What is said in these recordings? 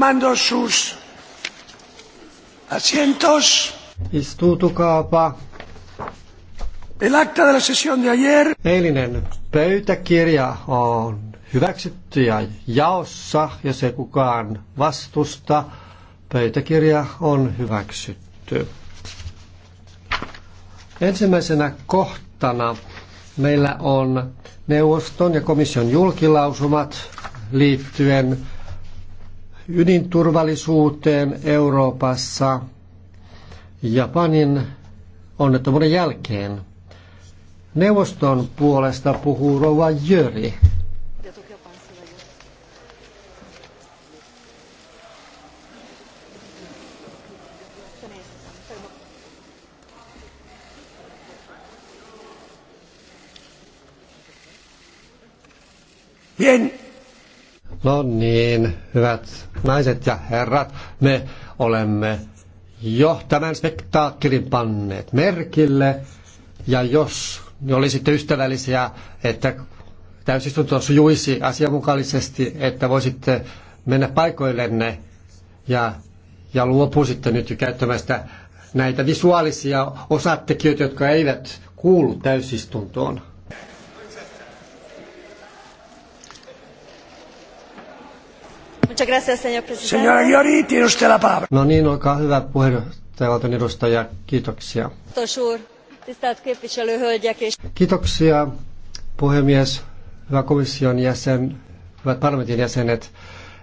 Mando sus asientos. kaapa. El acta de la sesión de ayer. Eilinen pöytäkirja on hyväksytty ja jaossa, ja se kukaan vastusta. Pöytäkirja on hyväksytty. Ensimmäisenä kohtana meillä on neuvoston ja komission julkilausumat liittyen ydinturvallisuuteen Euroopassa Japanin onnettomuuden jälkeen. Neuvoston puolesta puhuu Rova Jöri. Bien. No niin, hyvät naiset ja herrat, me olemme jo tämän spektaakkelin panneet merkille. Ja jos ne olisitte ystävällisiä, että täysistunto sujuisi asianmukaisesti, että voisitte mennä paikoillenne ja, ja luopuisitte nyt käyttämästä näitä visuaalisia osatekijöitä, jotka eivät kuulu täysistuntoon. Señora Giori, tiene usted la palabra. No niin, olkaa hyvä puheenjohtajavaltion edustaja. Kiitoksia. Kiitoksia puhemies, hyvä komission jäsen, hyvät parlamentin jäsenet.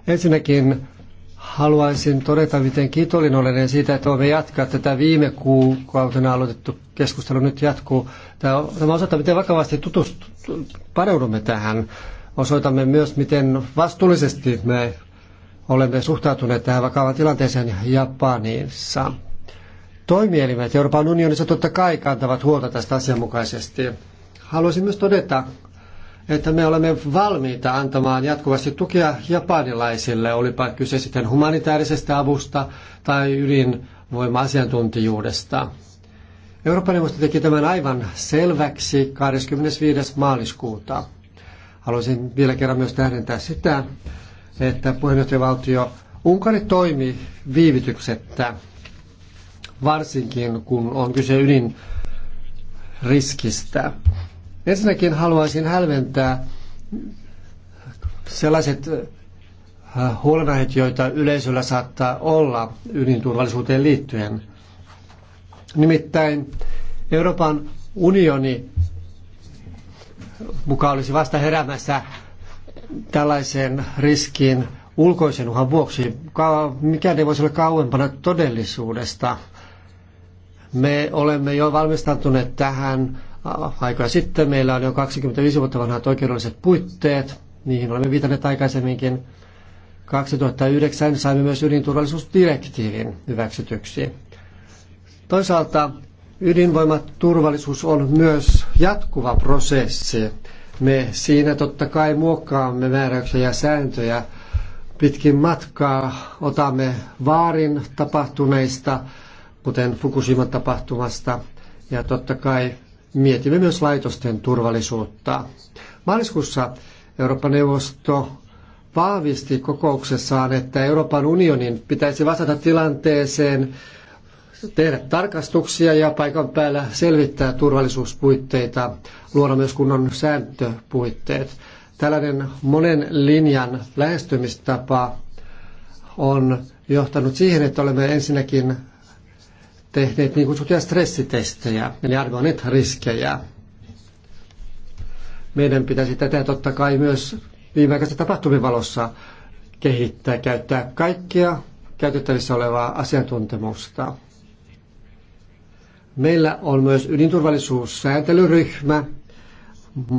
Ensinnäkin haluaisin todeta, miten kiitollinen olen siitä, että voimme jatkaa tätä viime kuukautena aloitettu keskustelu nyt jatkuu. Tämä osoittaa, miten vakavasti tutustu paneudumme tähän. Osoitamme myös, miten vastuullisesti me olemme suhtautuneet tähän vakavaan tilanteeseen Japanissa. Toimielimet Euroopan unionissa totta kai kantavat huolta tästä asianmukaisesti. Haluaisin myös todeta, että me olemme valmiita antamaan jatkuvasti tukea japanilaisille, olipa kyse sitten humanitaarisesta avusta tai ydinvoima-asiantuntijuudesta. Euroopan neuvosto teki tämän aivan selväksi 25. maaliskuuta. Haluaisin vielä kerran myös tähdentää sitä, että puheenjohtajavaltio Unkari toimi viivytyksettä, varsinkin kun on kyse ydin riskistä. Ensinnäkin haluaisin hälventää sellaiset äh, huolenaiheet, joita yleisöllä saattaa olla ydinturvallisuuteen liittyen. Nimittäin Euroopan unioni mukaan olisi vasta heräämässä tällaisen riskin ulkoisen uhan vuoksi, mikään ei voisi olla kauempana todellisuudesta. Me olemme jo valmistautuneet tähän aikoja sitten. Meillä on jo 25 vuotta vanhat oikeudelliset puitteet. Niihin olemme viitanneet aikaisemminkin. 2009 saimme myös ydinturvallisuusdirektiivin hyväksytyksi. Toisaalta ydinvoimaturvallisuus on myös jatkuva prosessi me siinä totta kai muokkaamme määräyksiä ja sääntöjä pitkin matkaa, otamme vaarin tapahtuneista, kuten Fukushiman tapahtumasta, ja totta kai mietimme myös laitosten turvallisuutta. Maaliskuussa Euroopan neuvosto vahvisti kokouksessaan, että Euroopan unionin pitäisi vastata tilanteeseen tehdä tarkastuksia ja paikan päällä selvittää turvallisuuspuitteita, luoda myös kunnon sääntöpuitteet. Tällainen monen linjan lähestymistapa on johtanut siihen, että olemme ensinnäkin tehneet niin kutsuttuja stressitestejä, eli arvioineet riskejä. Meidän pitäisi tätä totta kai myös viimeaikaisessa tapahtumien valossa kehittää, käyttää kaikkia käytettävissä olevaa asiantuntemusta. Meillä on myös ydinturvallisuussääntelyryhmä.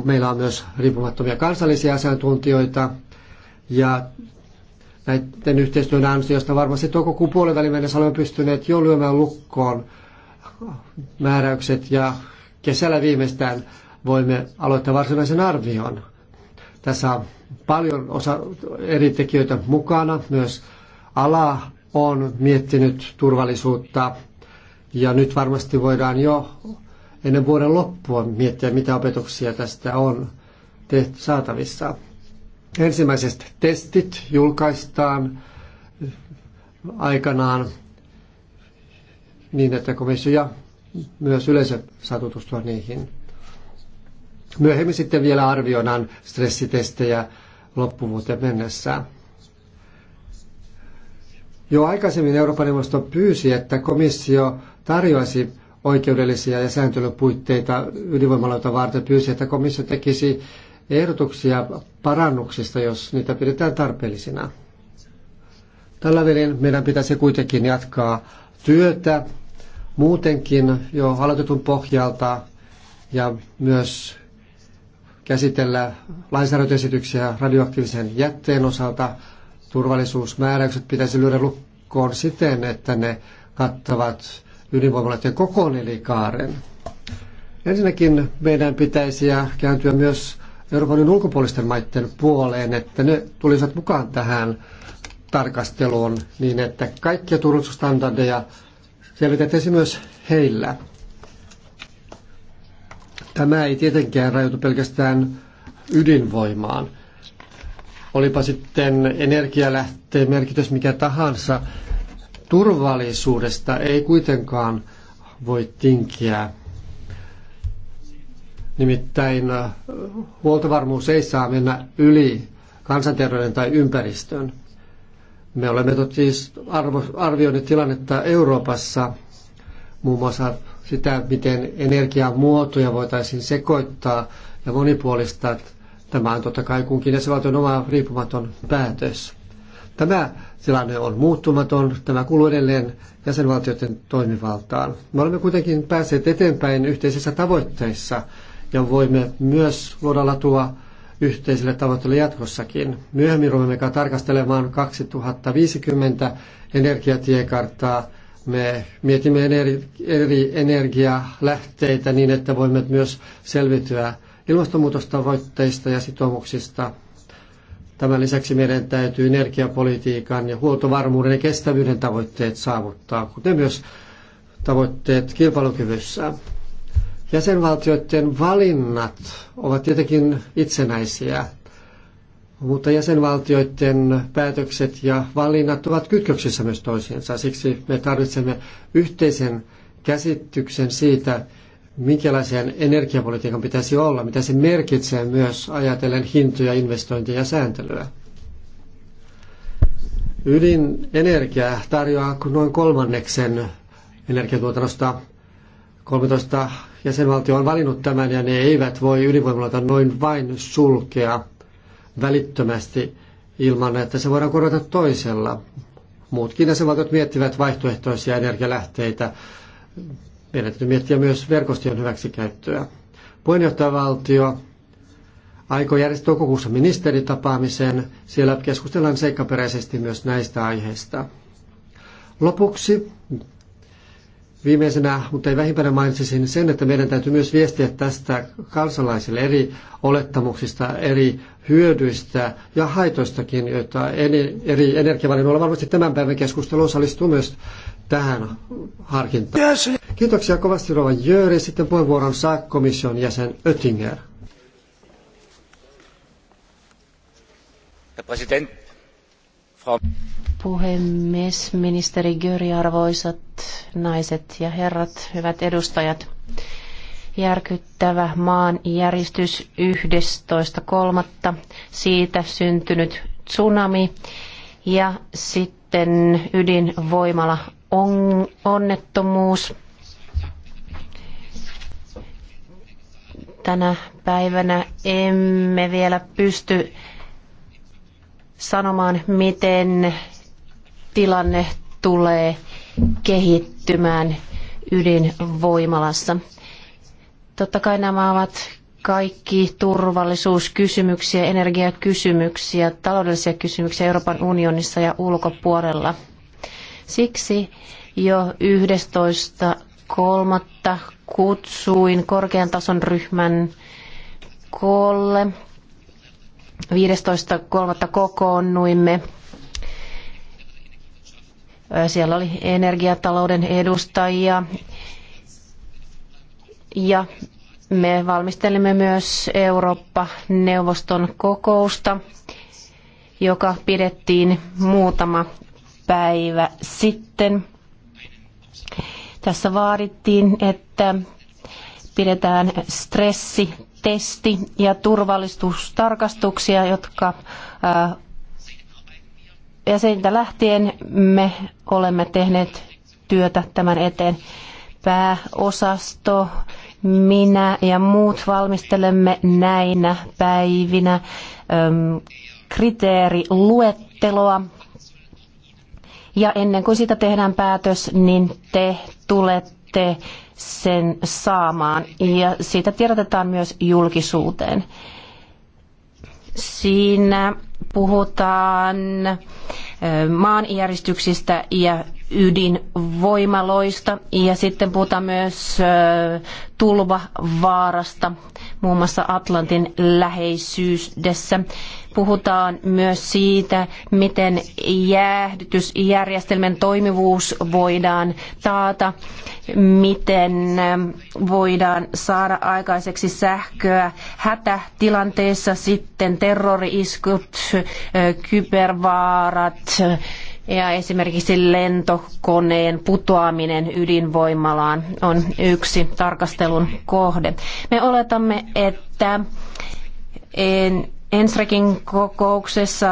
Meillä on myös riippumattomia kansallisia asiantuntijoita. Ja näiden yhteistyön ansiosta varmasti koko puolivälin mennessä olemme pystyneet jo lyömään lukkoon määräykset ja kesällä viimeistään voimme aloittaa varsinaisen arvion. Tässä on paljon osa eri tekijöitä mukana. Myös ala on miettinyt turvallisuutta ja nyt varmasti voidaan jo ennen vuoden loppua miettiä, mitä opetuksia tästä on tehty saatavissa. Ensimmäiset testit julkaistaan aikanaan niin, että komissio ja myös yleisö saa tutustua niihin. Myöhemmin sitten vielä arvioidaan stressitestejä loppuvuuteen mennessä. Jo aikaisemmin Euroopan neuvosto pyysi, että komissio tarjoaisi oikeudellisia ja sääntelypuitteita ydinvoimaloita varten, pyysi, että komissio tekisi ehdotuksia parannuksista, jos niitä pidetään tarpeellisina. Tällä välin meidän pitäisi kuitenkin jatkaa työtä muutenkin jo aloitetun pohjalta ja myös käsitellä lainsäädäntöesityksiä radioaktiivisen jätteen osalta. Turvallisuusmääräykset pitäisi lyödä lukkoon siten, että ne kattavat ydinvoimaloiden koko nelikaaren. Ensinnäkin meidän pitäisi kääntyä myös Euroopan unionin ulkopuolisten maiden puoleen, että ne tulisivat mukaan tähän tarkasteluun niin, että kaikkia turvallisuusstandardeja selvitettäisiin myös heillä. Tämä ei tietenkään rajoitu pelkästään ydinvoimaan. Olipa sitten energialähteen merkitys mikä tahansa, turvallisuudesta ei kuitenkaan voi tinkiä. Nimittäin äh, huoltovarmuus ei saa mennä yli kansanterveyden tai ympäristön. Me olemme siis arvioineet tilannetta Euroopassa, muun muassa sitä, miten energiamuotoja voitaisiin sekoittaa ja monipuolistaa. Tämä on totta kai kunkin jäsenvaltion oma riippumaton päätös. Tämä tilanne on muuttumaton. Tämä kuuluu edelleen jäsenvaltioiden toimivaltaan. Me olemme kuitenkin päässeet eteenpäin yhteisissä tavoitteissa ja voimme myös luoda latua yhteisille tavoitteille jatkossakin. Myöhemmin ruvemme tarkastelemaan 2050 energiatiekarttaa. Me mietimme eri energialähteitä niin, että voimme myös selvityä ilmastonmuutostavoitteista ja sitoumuksista Tämän lisäksi meidän täytyy energiapolitiikan ja huoltovarmuuden ja kestävyyden tavoitteet saavuttaa, kuten myös tavoitteet kilpailukyvyssä. Jäsenvaltioiden valinnat ovat tietenkin itsenäisiä, mutta jäsenvaltioiden päätökset ja valinnat ovat kytköksissä myös toisiinsa. Siksi me tarvitsemme yhteisen käsityksen siitä, minkälaisen energiapolitiikan pitäisi olla, mitä se merkitsee myös ajatellen hintoja, investointeja ja sääntelyä. Ydinenergia tarjoaa noin kolmanneksen energiatuotannosta. 13 jäsenvaltio on valinnut tämän ja ne eivät voi ydinvoimalata noin vain sulkea välittömästi ilman, että se voidaan korvata toisella. Muutkin jäsenvaltiot miettivät vaihtoehtoisia energialähteitä meidän täytyy miettiä myös verkostojen hyväksikäyttöä. Puheenjohtajavaltio aikoo järjestää toukokuussa ministeritapaamisen. Siellä keskustellaan seikkaperäisesti myös näistä aiheista. Lopuksi viimeisenä, mutta ei vähimpänä mainitsisin sen, että meidän täytyy myös viestiä tästä kansalaisille eri olettamuksista, eri hyödyistä ja haitoistakin, joita eri energiavalinnoilla varmasti tämän päivän keskustelu osallistuu myös tähän harkintaan. Yes. Kiitoksia kovasti Rova Jöri. Sitten puheenvuoron saa komission jäsen Oettinger. Puhemies, ministeri Göri arvoisat naiset ja herrat, hyvät edustajat. Järkyttävä järjestys 11.3. Siitä syntynyt tsunami ja sitten ydinvoimala on, onnettomuus. Tänä päivänä emme vielä pysty sanomaan, miten tilanne tulee kehittymään ydinvoimalassa. Totta kai nämä ovat kaikki turvallisuuskysymyksiä, energiakysymyksiä, taloudellisia kysymyksiä Euroopan unionissa ja ulkopuolella. Siksi jo 11.3. kutsuin korkean tason ryhmän koolle. 15.3. kokoonnuimme. Siellä oli energiatalouden edustajia ja me valmistelimme myös Eurooppa-neuvoston kokousta, joka pidettiin muutama päivä sitten. Tässä vaadittiin, että pidetään stressi-testi ja turvallisuustarkastuksia, jotka ja siitä lähtien me olemme tehneet työtä tämän eteen. Pääosasto, minä ja muut valmistelemme näinä päivinä kriteeriluetteloa ja ennen kuin siitä tehdään päätös, niin te tulette sen saamaan. Ja siitä tiedotetaan myös julkisuuteen. Siinä puhutaan maanjäristyksistä ja ydinvoimaloista ja sitten puhutaan myös tulvavaarasta muun muassa Atlantin läheisyydessä. Puhutaan myös siitä, miten jäähdytysjärjestelmän toimivuus voidaan taata, miten ähm, voidaan saada aikaiseksi sähköä hätätilanteessa, sitten terrori-iskut, äh, kybervaarat, ja esimerkiksi lentokoneen putoaminen ydinvoimalaan on yksi tarkastelun kohde. Me oletamme, että Ensrekin kokouksessa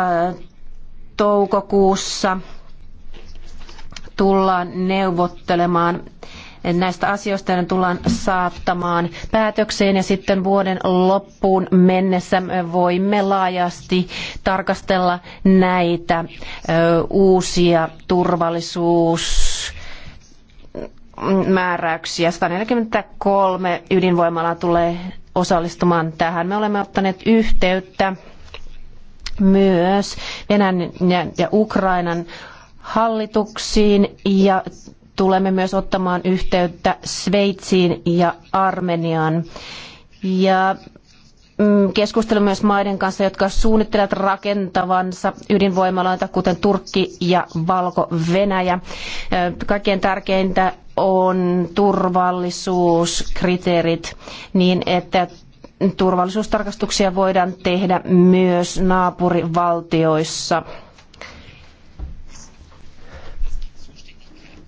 toukokuussa tullaan neuvottelemaan näistä asioista ne tullaan saattamaan päätökseen ja sitten vuoden loppuun mennessä voimme laajasti tarkastella näitä uusia turvallisuus mm, määräyksiä. 143 ydinvoimala tulee osallistumaan tähän. Me olemme ottaneet yhteyttä myös Venäjän ja Ukrainan hallituksiin ja tulemme myös ottamaan yhteyttä Sveitsiin ja Armeniaan. Ja mm, keskustelu myös maiden kanssa, jotka suunnittelevat rakentavansa ydinvoimaloita, kuten Turkki ja Valko-Venäjä. Kaikkein tärkeintä on turvallisuuskriteerit niin, että turvallisuustarkastuksia voidaan tehdä myös naapurivaltioissa.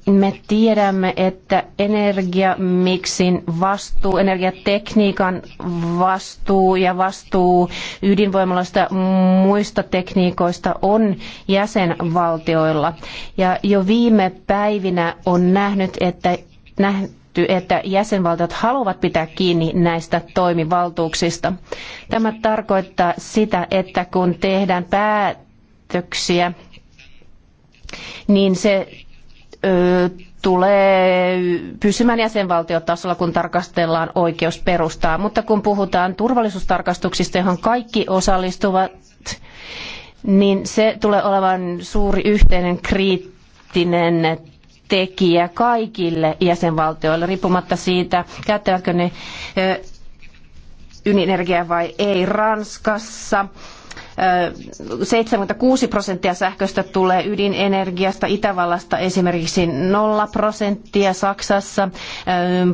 me tiedämme, että energiamiksin vastuu, energiatekniikan vastuu ja vastuu ydinvoimaloista muista tekniikoista on jäsenvaltioilla. Ja jo viime päivinä on nähnyt, että nähty, että jäsenvaltiot haluavat pitää kiinni näistä toimivaltuuksista. Tämä tarkoittaa sitä, että kun tehdään päätöksiä, niin se tulee pysymään jäsenvaltiotasolla, kun tarkastellaan oikeusperustaa. Mutta kun puhutaan turvallisuustarkastuksista, johon kaikki osallistuvat, niin se tulee olevan suuri yhteinen kriittinen tekijä kaikille jäsenvaltioille, riippumatta siitä, käyttävätkö ne ydinenergiaa vai ei Ranskassa 76 prosenttia sähköstä tulee ydinenergiasta, Itävallasta esimerkiksi 0 prosenttia, Saksassa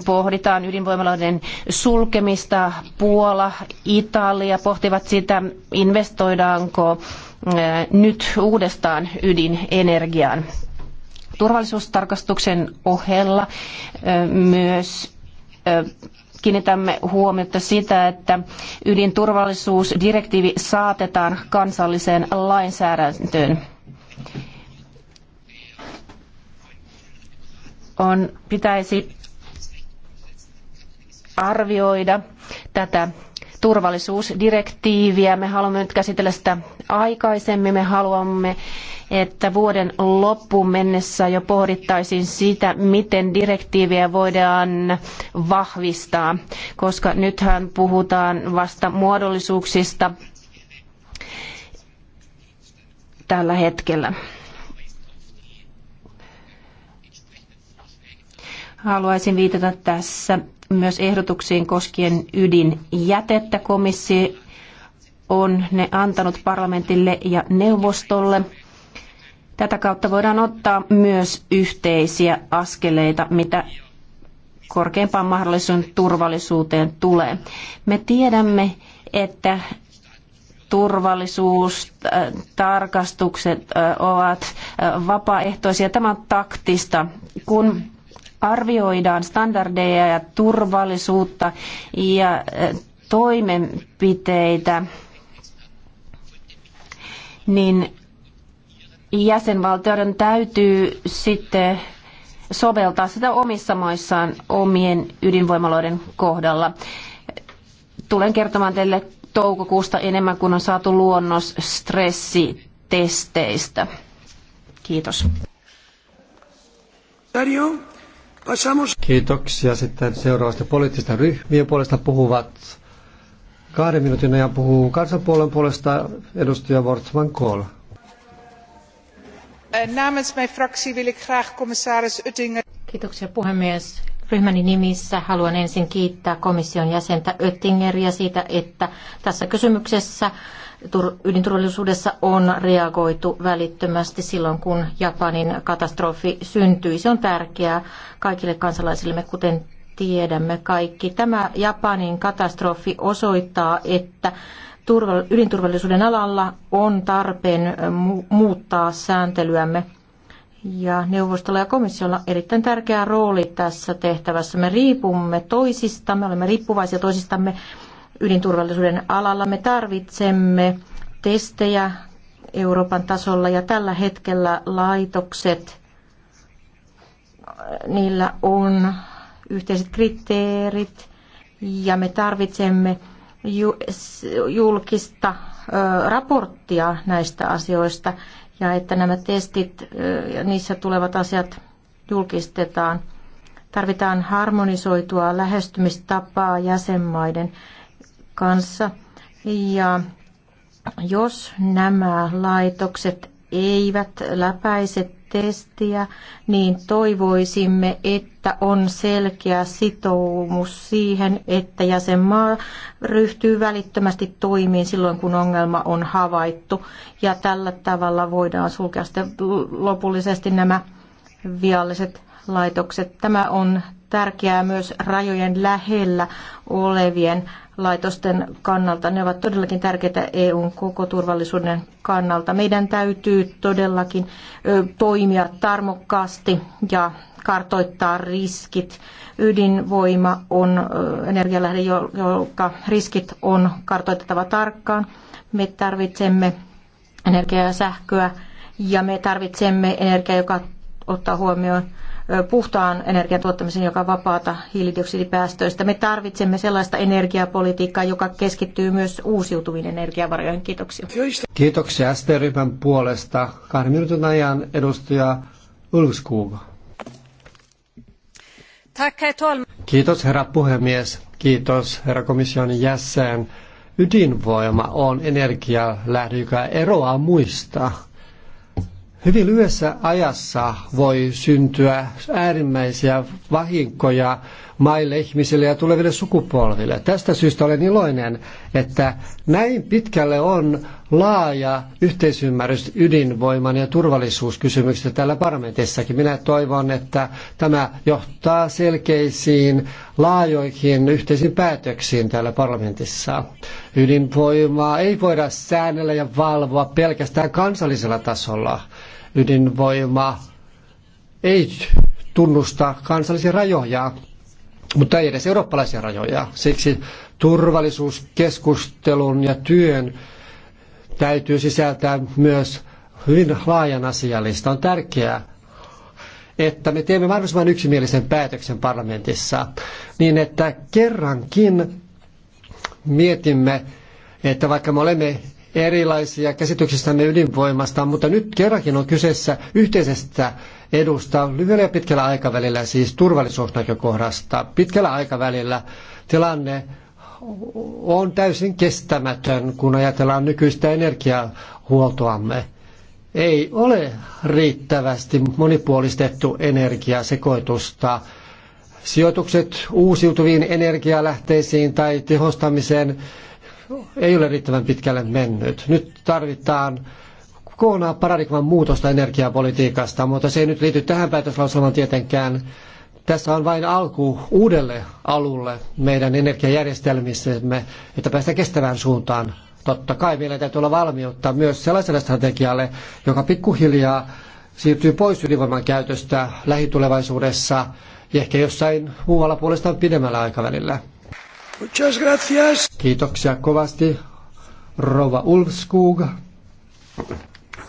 pohditaan ydinvoimaloiden sulkemista, Puola, Italia pohtivat sitä, investoidaanko nyt uudestaan ydinenergiaan. Turvallisuustarkastuksen ohella myös kiinnitämme huomiota sitä, että ydinturvallisuusdirektiivi saatetaan kansalliseen lainsäädäntöön. On, pitäisi arvioida tätä turvallisuusdirektiiviä. Me haluamme nyt käsitellä sitä aikaisemmin. Me haluamme, että vuoden loppuun mennessä jo pohdittaisiin sitä, miten direktiiviä voidaan vahvistaa, koska nythän puhutaan vasta muodollisuuksista tällä hetkellä. Haluaisin viitata tässä myös ehdotuksiin koskien ydinjätettä. Komissio on ne antanut parlamentille ja neuvostolle. Tätä kautta voidaan ottaa myös yhteisiä askeleita, mitä korkeimpaan mahdollisuuden turvallisuuteen tulee. Me tiedämme, että turvallisuustarkastukset äh, äh, ovat äh, vapaaehtoisia. Tämä on taktista. Kun arvioidaan standardeja ja turvallisuutta ja äh, toimenpiteitä, niin jäsenvaltioiden täytyy sitten soveltaa sitä omissa maissaan omien ydinvoimaloiden kohdalla. Tulen kertomaan teille toukokuusta enemmän, kun on saatu luonnos stressitesteistä. Kiitos. Tarjo. Kiitoksia. Sitten seuraavasta poliittista ryhmien puolesta puhuvat. Kahden minuutin ajan puhuu kansanpuolen puolesta edustaja Wortman Kohl. Eh, namens mijn fractie wil ik graag commissaris Oettinger. Kiitoksia puhemies. Ryhmäni nimissä haluan ensin kiittää komission jäsentä Oettingeria siitä, että tässä kysymyksessä ydinturvallisuudessa on reagoitu välittömästi silloin, kun Japanin katastrofi syntyi. Se on tärkeää kaikille kansalaisillemme, kuten tiedämme kaikki. Tämä Japanin katastrofi osoittaa, että ydinturvallisuuden alalla on tarpeen muuttaa sääntelyämme. Ja neuvostolla ja komissiolla on erittäin tärkeä rooli tässä tehtävässä. Me riipumme toisista, me olemme riippuvaisia toisistamme ydinturvallisuuden alalla. Me tarvitsemme testejä Euroopan tasolla ja tällä hetkellä laitokset, niillä on yhteiset kriteerit ja me tarvitsemme julkista raporttia näistä asioista ja että nämä testit ja niissä tulevat asiat julkistetaan. Tarvitaan harmonisoitua lähestymistapaa jäsenmaiden kanssa. Ja jos nämä laitokset eivät läpäise testiä, niin toivoisimme, että on selkeä sitoumus siihen, että jäsenmaa ryhtyy välittömästi toimiin silloin, kun ongelma on havaittu. Ja tällä tavalla voidaan sulkea sitten lopullisesti nämä vialliset laitokset. Tämä on tärkeää myös rajojen lähellä olevien laitosten kannalta. Ne ovat todellakin tärkeitä EUn koko turvallisuuden kannalta. Meidän täytyy todellakin toimia tarmokkaasti ja kartoittaa riskit. Ydinvoima on energialähde, jonka riskit on kartoitettava tarkkaan. Me tarvitsemme energiaa ja sähköä ja me tarvitsemme energiaa, joka ottaa huomioon puhtaan energian tuottamisen, joka on vapaata hiilidioksidipäästöistä. Me tarvitsemme sellaista energiapolitiikkaa, joka keskittyy myös uusiutuviin energiavaroihin. Kiitoksia. Kiitoksia ST-ryhmän puolesta. Kahden minuutin ajan edustaja Ulfskog. Kiitos herra puhemies. Kiitos herra komission jäsen. Ydinvoima on energialähde, joka eroaa muista Hyvin lyhyessä ajassa voi syntyä äärimmäisiä vahinkoja maille, ihmisille ja tuleville sukupolville. Tästä syystä olen iloinen, että näin pitkälle on laaja yhteisymmärrys ydinvoiman ja turvallisuuskysymyksistä täällä parlamentissakin. Minä toivon, että tämä johtaa selkeisiin, laajoihin yhteisiin päätöksiin täällä parlamentissa. Ydinvoimaa ei voida säännellä ja valvoa pelkästään kansallisella tasolla ydinvoima ei tunnusta kansallisia rajoja, mutta ei edes eurooppalaisia rajoja. Siksi turvallisuuskeskustelun ja työn täytyy sisältää myös hyvin laajan asialista. On tärkeää, että me teemme mahdollisimman yksimielisen päätöksen parlamentissa, niin että kerrankin mietimme, että vaikka me olemme erilaisia käsityksistämme ydinvoimasta, mutta nyt kerrankin on kyseessä yhteisestä edusta lyhyellä ja pitkällä aikavälillä, siis turvallisuusnäkökohdasta. Pitkällä aikavälillä tilanne on täysin kestämätön, kun ajatellaan nykyistä energiahuoltoamme. Ei ole riittävästi monipuolistettu energiasekoitusta. Sijoitukset uusiutuviin energialähteisiin tai tehostamiseen ei ole riittävän pitkälle mennyt. Nyt tarvitaan kokonaan paradigman muutosta energiapolitiikasta, mutta se ei nyt liity tähän päätöslauselmaan tietenkään. Tässä on vain alku uudelle alulle meidän energiajärjestelmissämme, että päästään kestävään suuntaan. Totta kai meillä täytyy olla valmiutta myös sellaiselle strategialle, joka pikkuhiljaa siirtyy pois ydinvoiman käytöstä lähitulevaisuudessa ja ehkä jossain muualla puolestaan pidemmällä aikavälillä. Muchas gracias. Kiitoksia kovasti Rova Ulfskog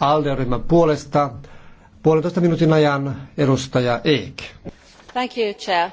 alde puolesta. Puolentoista minuutin ajan edustaja Eek. Thank you, Chair.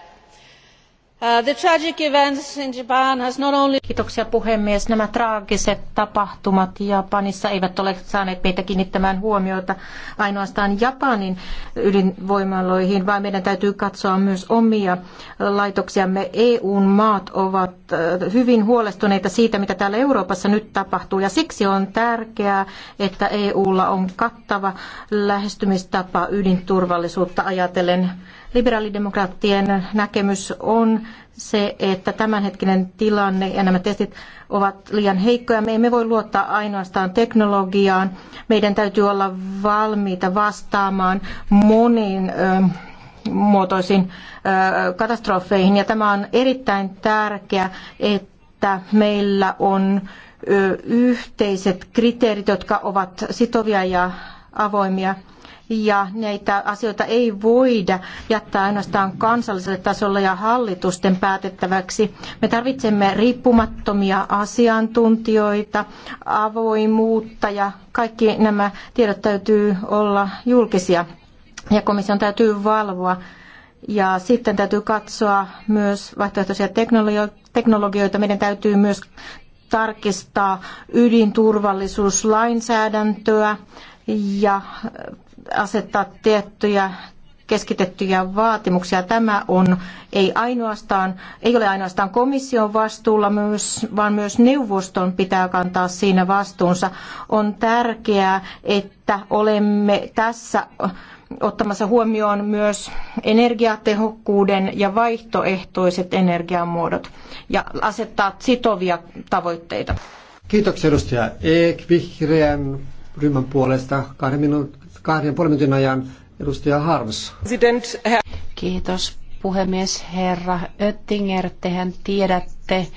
Uh, the tragic events in Japan has not only... Kiitoksia puhemies. Nämä traagiset tapahtumat Japanissa eivät ole saaneet meitä kiinnittämään huomiota ainoastaan Japanin ydinvoimaloihin, vaan meidän täytyy katsoa myös omia laitoksiamme. EUn maat ovat äh, hyvin huolestuneita siitä, mitä täällä Euroopassa nyt tapahtuu, ja siksi on tärkeää, että EUlla on kattava lähestymistapa ydinturvallisuutta ajatellen Liberaalidemokraattien näkemys on se, että tämänhetkinen tilanne ja nämä testit ovat liian heikkoja. Me emme voi luottaa ainoastaan teknologiaan. Meidän täytyy olla valmiita vastaamaan moniin muotoisiin katastrofeihin. Ja tämä on erittäin tärkeää, että meillä on yhteiset kriteerit, jotka ovat sitovia ja avoimia ja näitä asioita ei voida jättää ainoastaan kansalliselle tasolle ja hallitusten päätettäväksi. Me tarvitsemme riippumattomia asiantuntijoita, avoimuutta ja kaikki nämä tiedot täytyy olla julkisia ja komission täytyy valvoa ja sitten täytyy katsoa myös vaihtoehtoisia teknologioita. Meidän täytyy myös tarkistaa ydinturvallisuuslainsäädäntöä ja asettaa tiettyjä keskitettyjä vaatimuksia. Tämä on ei, ainoastaan, ei ole ainoastaan komission vastuulla, myös, vaan myös neuvoston pitää kantaa siinä vastuunsa. On tärkeää, että olemme tässä ottamassa huomioon myös energiatehokkuuden ja vaihtoehtoiset energiamuodot ja asettaa sitovia tavoitteita. Kiitoksia edustaja Eek Vihreän ryhmän puolesta kahden minuutin kahden puolen minuutin ajan edustaja Harms. Kiitos puhemies herra Öttinger. Tehän tiedätte,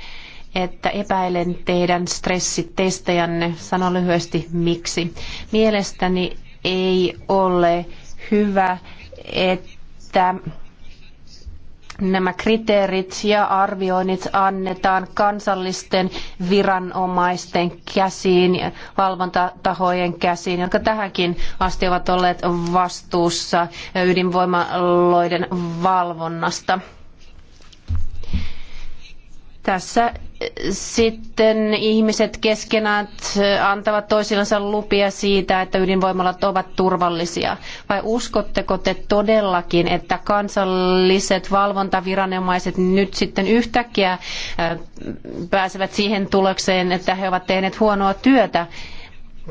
että epäilen teidän stressitestejänne. Sano lyhyesti miksi. Mielestäni ei ole hyvä, että nämä kriteerit ja arvioinnit annetaan kansallisten viranomaisten käsiin, valvontatahojen käsiin, jotka tähänkin asti ovat olleet vastuussa ydinvoimaloiden valvonnasta. Tässä sitten ihmiset keskenään äh, antavat toisillensa lupia siitä, että ydinvoimalat ovat turvallisia? Vai uskotteko te todellakin, että kansalliset valvontaviranomaiset nyt sitten yhtäkkiä äh, pääsevät siihen tulokseen, että he ovat tehneet huonoa työtä?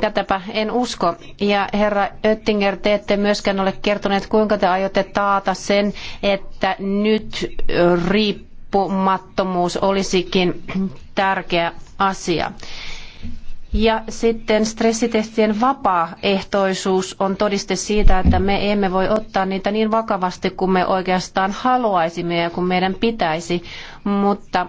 Tätäpä en usko. Ja herra Oettinger, te ette myöskään ole kertoneet, kuinka te aiotte taata sen, että nyt riippuu riippumattomuus olisikin tärkeä asia. Ja sitten stressitestien vapaaehtoisuus on todiste siitä, että me emme voi ottaa niitä niin vakavasti kuin me oikeastaan haluaisimme ja kuin meidän pitäisi, mutta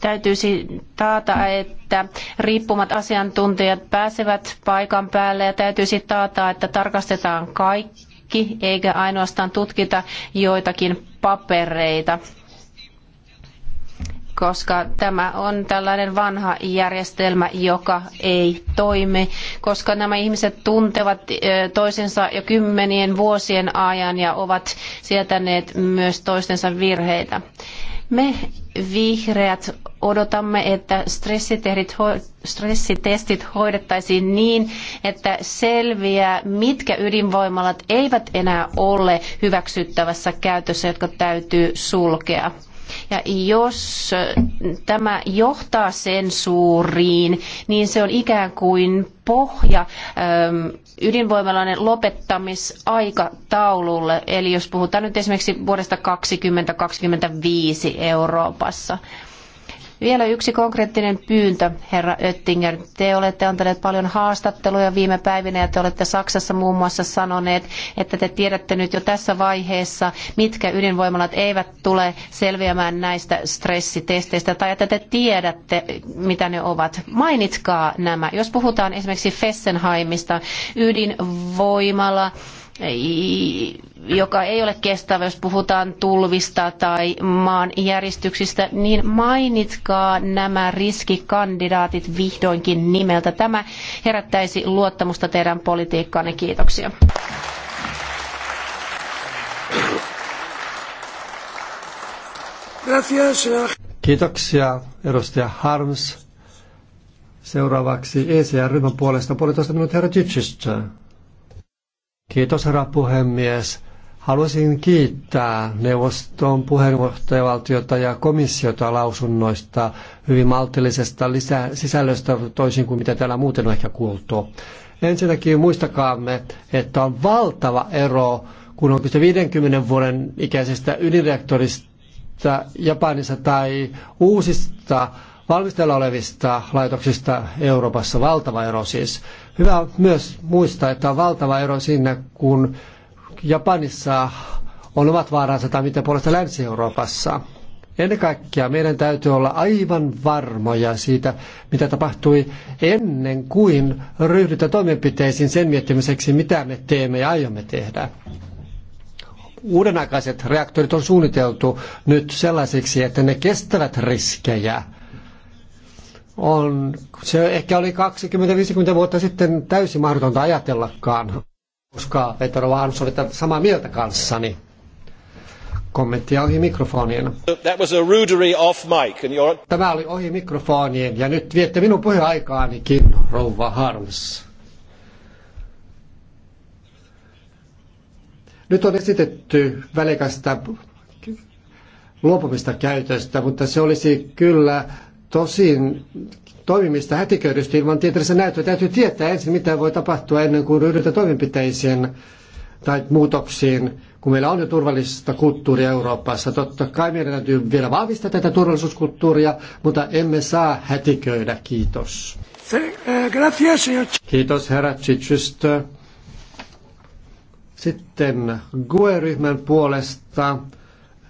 täytyisi taata, että riippumat asiantuntijat pääsevät paikan päälle ja täytyisi taata, että tarkastetaan kaikki kaikki, eikä ainoastaan tutkita joitakin papereita, koska tämä on tällainen vanha järjestelmä, joka ei toimi, koska nämä ihmiset tuntevat toisensa jo kymmenien vuosien ajan ja ovat sietäneet myös toistensa virheitä. Me vihreät odotamme, että stressitestit hoidettaisiin niin, että selviää, mitkä ydinvoimalat eivät enää ole hyväksyttävässä käytössä, jotka täytyy sulkea. Ja jos äh, tämä johtaa sensuuriin, niin se on ikään kuin pohja ähm, ydinvoimaloiden lopettamisaikataululle, eli jos puhutaan nyt esimerkiksi vuodesta 2025 Euroopassa. Vielä yksi konkreettinen pyyntö, herra Oettinger. Te olette antaneet paljon haastatteluja viime päivinä ja te olette Saksassa muun muassa sanoneet, että te tiedätte nyt jo tässä vaiheessa, mitkä ydinvoimalat eivät tule selviämään näistä stressitesteistä tai että te tiedätte, mitä ne ovat. Mainitkaa nämä. Jos puhutaan esimerkiksi Fessenheimista, ydinvoimala, joka ei ole kestävä, jos puhutaan tulvista tai maanjäristyksistä, niin mainitkaa nämä riskikandidaatit vihdoinkin nimeltä. Tämä herättäisi luottamusta teidän politiikkaanne. Kiitoksia. Kiitoksia, edustaja Harms. Seuraavaksi ECR-ryhmän puolesta puolitoista minuuttia herra Chichester. Kiitos herra puhemies. Haluaisin kiittää neuvoston puheenjohtajavaltiota ja komissiota lausunnoista hyvin maltillisesta lisä- sisällöstä toisin kuin mitä täällä muuten on ehkä kuultu. Ensinnäkin muistakaamme, että on valtava ero, kun on kyse 50 vuoden ikäisestä ydinreaktorista Japanissa tai uusista valmistella olevista laitoksista Euroopassa. Valtava ero siis. Hyvä on myös muistaa, että on valtava ero siinä, kun Japanissa on omat vaaransa tai miten puolesta Länsi-Euroopassa. Ennen kaikkea meidän täytyy olla aivan varmoja siitä, mitä tapahtui ennen kuin ryhdytään toimenpiteisiin sen miettimiseksi, mitä me teemme ja aiomme tehdä. Uudenaikaiset reaktorit on suunniteltu nyt sellaisiksi, että ne kestävät riskejä – on, se ehkä oli 20-50 vuotta sitten täysin mahdotonta ajatellakaan, koska että Rovaanus oli samaa mieltä kanssani. Kommenttia ohi mikrofonien. That was a rudery off mic and you're... Tämä oli ohi mikrofonien ja nyt viette minun puheaikaanikin, rouva Harms. Nyt on esitetty välikästä luopumista käytöstä, mutta se olisi kyllä Tosin toimimista hätiköidysti ilman tieteellistä näyttöä täytyy tietää ensin, mitä voi tapahtua ennen kuin ryhdytään toimenpiteisiin tai muutoksiin, kun meillä on jo turvallista kulttuuria Euroopassa. Totta kai meidän täytyy vielä vahvistaa tätä turvallisuuskulttuuria, mutta emme saa hätiköidä. Kiitos. Eh, Kiitos herra Chichester. Sitten GUE-ryhmän puolesta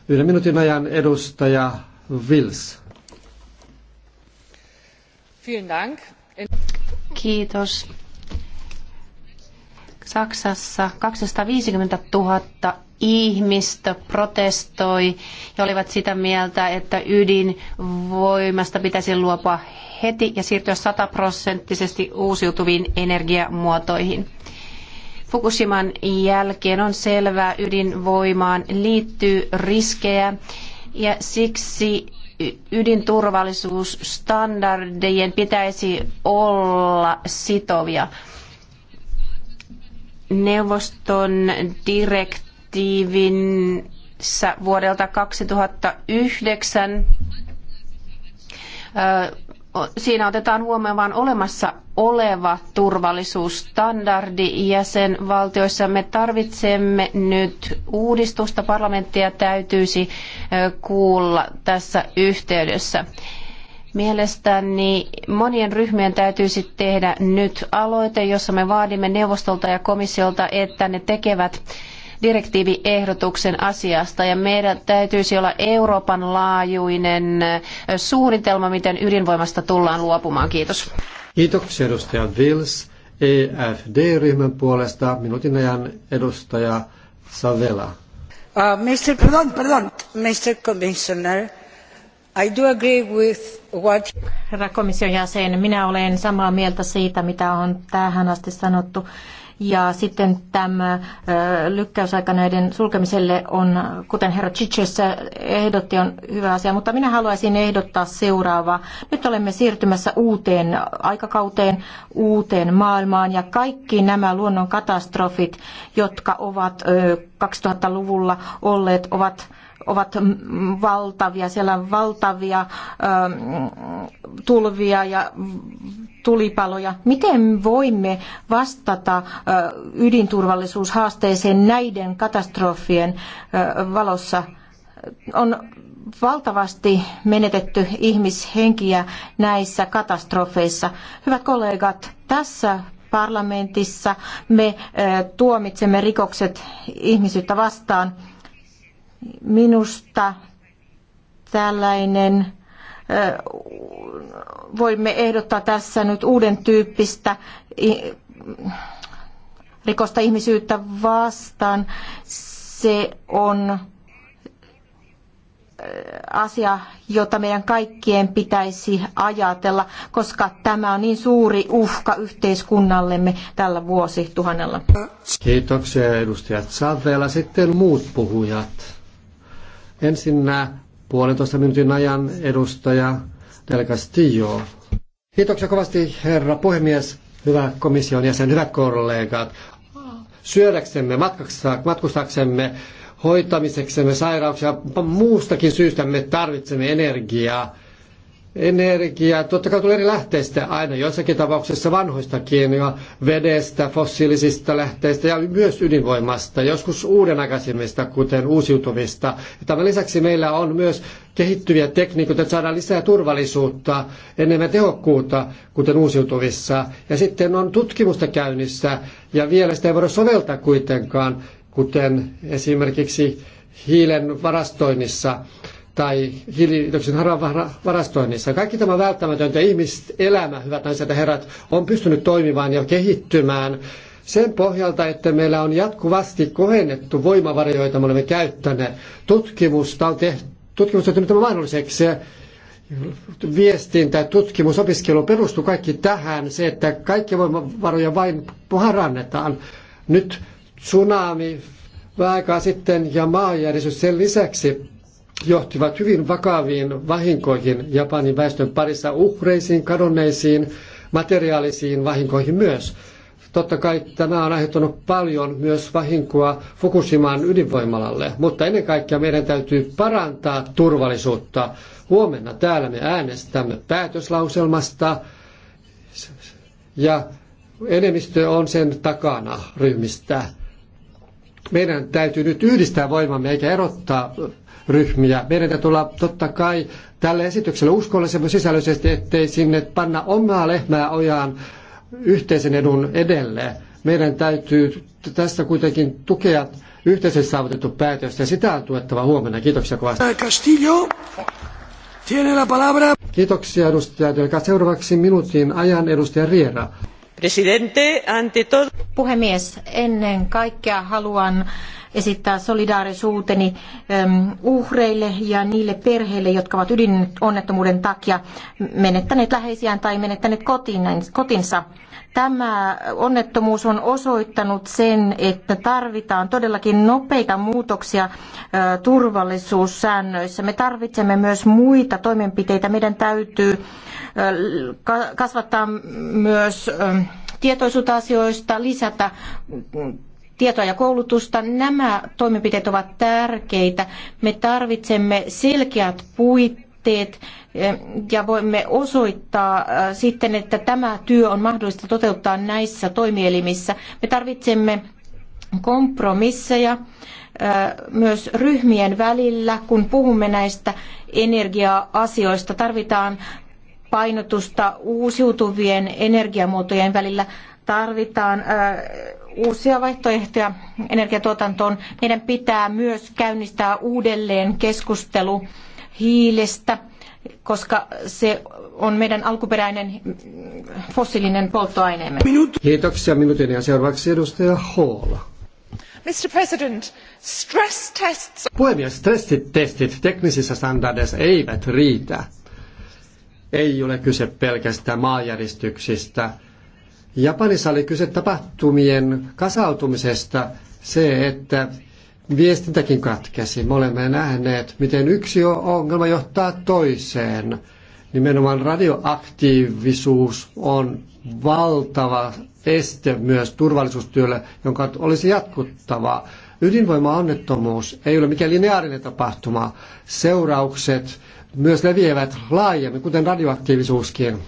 yhden minuutin ajan edustaja Vils. Kiitos. Saksassa 250 000 ihmistä protestoi ja olivat sitä mieltä, että ydinvoimasta pitäisi luopua heti ja siirtyä sataprosenttisesti uusiutuviin energiamuotoihin. Fukushiman jälkeen on selvää, ydinvoimaan liittyy riskejä ja siksi ydinturvallisuusstandardien pitäisi olla sitovia. Neuvoston direktiivin vuodelta 2009 siinä otetaan huomioon vain olemassa oleva turvallisuusstandardi jäsenvaltioissa. Me tarvitsemme nyt uudistusta, parlamenttia täytyisi kuulla tässä yhteydessä. Mielestäni monien ryhmien täytyisi tehdä nyt aloite, jossa me vaadimme neuvostolta ja komissiolta, että ne tekevät direktiiviehdotuksen asiasta ja meidän täytyisi olla Euroopan laajuinen suunnitelma, miten ydinvoimasta tullaan luopumaan. Kiitos. Kiitoksia edustaja Vils. EFD-ryhmän puolesta minuutin ajan edustaja Savela. Uh, Mr. Pardon, pardon, Mr. Commissioner, I do agree with what... Herra komission jäsen, minä olen samaa mieltä siitä, mitä on tähän asti sanottu. Ja sitten tämä lykkäysaika näiden sulkemiselle on, kuten herra Chichessä ehdotti, on hyvä asia. Mutta minä haluaisin ehdottaa seuraavaa. Nyt olemme siirtymässä uuteen aikakauteen, uuteen maailmaan ja kaikki nämä luonnon katastrofit, jotka ovat 2000-luvulla olleet, ovat ovat valtavia. Siellä on valtavia tulvia ja tulipaloja. Miten voimme vastata ydinturvallisuushaasteeseen näiden katastrofien valossa? On valtavasti menetetty ihmishenkiä näissä katastrofeissa. Hyvät kollegat, tässä parlamentissa me tuomitsemme rikokset ihmisyyttä vastaan Minusta tällainen voimme ehdottaa tässä nyt uuden tyyppistä rikosta ihmisyyttä vastaan. Se on asia, jota meidän kaikkien pitäisi ajatella, koska tämä on niin suuri uhka yhteiskunnallemme tällä vuosituhannella. Kiitoksia edustaja Savela. Sitten muut puhujat. Ensinnä puolentoista minuutin ajan edustaja Del Castillo. Kiitoksia kovasti herra puhemies, hyvä komission jäsen, hyvät kollegat. Syödäksemme, matkustaksemme, hoitamiseksemme sairauksia, muustakin syystä me tarvitsemme energiaa energiaa. Totta kai tulee eri lähteistä aina, joissakin tapauksissa vanhoistakin, ja vedestä, fossiilisista lähteistä ja myös ydinvoimasta, joskus uudenaikaisemmista, kuten uusiutuvista. Ja tämän lisäksi meillä on myös kehittyviä tekniikoita, että saadaan lisää turvallisuutta, enemmän tehokkuutta, kuten uusiutuvissa. Ja sitten on tutkimusta käynnissä, ja vielä sitä ei voida soveltaa kuitenkaan, kuten esimerkiksi hiilen varastoinnissa tai hiilidioksidin varastoinnissa. Kaikki tämä välttämätöntä ihmiselämä, hyvät naiset ja herrat, on pystynyt toimimaan ja kehittymään sen pohjalta, että meillä on jatkuvasti kohennettu voimavaroja, joita me olemme käyttäneet. Tutkimusta on tehty, tutkimus on tehty mahdolliseksi viestintä, tutkimus, opiskelu perustuu kaikki tähän, se, että kaikki voimavaroja vain parannetaan. Nyt tsunami, vähän aikaa sitten ja maanjärjestys sen lisäksi johtivat hyvin vakaviin vahinkoihin Japanin väestön parissa uhreisiin, kadonneisiin, materiaalisiin vahinkoihin myös. Totta kai tämä on aiheuttanut paljon myös vahinkoa Fukushimaan ydinvoimalalle, mutta ennen kaikkea meidän täytyy parantaa turvallisuutta. Huomenna täällä me äänestämme päätöslauselmasta ja enemmistö on sen takana ryhmistä. Meidän täytyy nyt yhdistää voimamme eikä erottaa ryhmiä. Meidän täytyy olla totta kai tälle esitykselle uskollisesti sisällöisesti, ettei sinne panna omaa lehmää ojaan yhteisen edun edelle. Meidän täytyy tässä kuitenkin tukea yhteisesti saavutettu päätös ja sitä on tuettava huomenna. Kiitoksia kovasti. Castillo, Kiitoksia edustaja Delka. Seuraavaksi minuutin ajan edustaja Riera. Puhemies, ennen kaikkea haluan esittää solidaarisuuteni ähm, uhreille ja niille perheille, jotka ovat ydinonnettomuuden takia menettäneet läheisiään tai menettäneet kotinsa. Tämä onnettomuus on osoittanut sen, että tarvitaan todellakin nopeita muutoksia äh, turvallisuussäännöissä. Me tarvitsemme myös muita toimenpiteitä. Meidän täytyy kasvattaa myös ähm, tietoisuutta asioista, lisätä mm, tietoa ja koulutusta. Nämä toimenpiteet ovat tärkeitä. Me tarvitsemme selkeät puitteet ähm, ja voimme osoittaa äh, sitten, että tämä työ on mahdollista toteuttaa näissä toimielimissä. Me tarvitsemme kompromisseja äh, myös ryhmien välillä, kun puhumme näistä energia-asioista. Tarvitaan painotusta uusiutuvien energiamuotojen välillä. Tarvitaan uusia vaihtoehtoja energiatuotantoon. Meidän pitää myös käynnistää uudelleen keskustelu hiilestä, koska se on meidän alkuperäinen fossiilinen polttoaineemme. Kiitoksia minuutin ja seuraavaksi edustaja Hall. Mr. President, stress tests... Puhemies, stressitestit teknisissä standardeissa eivät riitä ei ole kyse pelkästään maanjäristyksistä. Japanissa oli kyse tapahtumien kasautumisesta se, että viestintäkin katkesi. Me olemme nähneet, miten yksi ongelma johtaa toiseen. Nimenomaan radioaktiivisuus on valtava este myös turvallisuustyölle, jonka olisi jatkuttava. Ydinvoimaonnettomuus ei ole mikään lineaarinen tapahtuma. Seuraukset myös leviävät laajemmin, kuten radioaktiivisuuskin,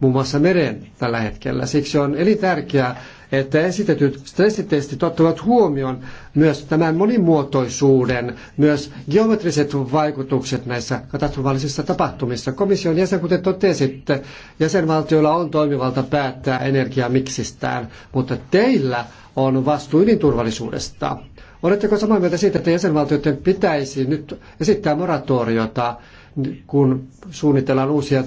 muun muassa meren tällä hetkellä. Siksi on elintärkeää, että esitetyt stressitestit ottavat huomioon myös tämän monimuotoisuuden, myös geometriset vaikutukset näissä katastrofaalisissa tapahtumissa. Komission jäsen, kuten totesitte, jäsenvaltioilla on toimivalta päättää energiamiksistään, mutta teillä on vastuu ydinturvallisuudesta. Oletteko samaa mieltä siitä, että jäsenvaltioiden pitäisi nyt esittää moratoriota kun suunnitellaan uusia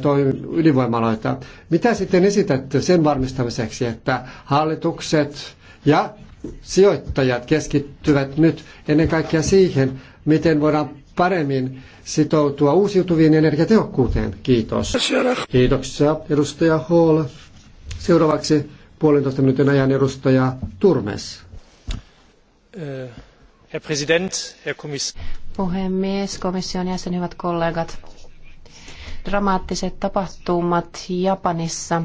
ydinvoimaloita. Mitä sitten esitätte sen varmistamiseksi, että hallitukset ja sijoittajat keskittyvät nyt ennen kaikkea siihen, miten voidaan paremmin sitoutua uusiutuviin energiatehokkuuteen. Kiitos. Kiitoksia, edustaja Hall. Seuraavaksi puolentoista minuutin ajan edustaja Turmes. Äh, Puhemies, komission jäsen, hyvät kollegat. Dramaattiset tapahtumat Japanissa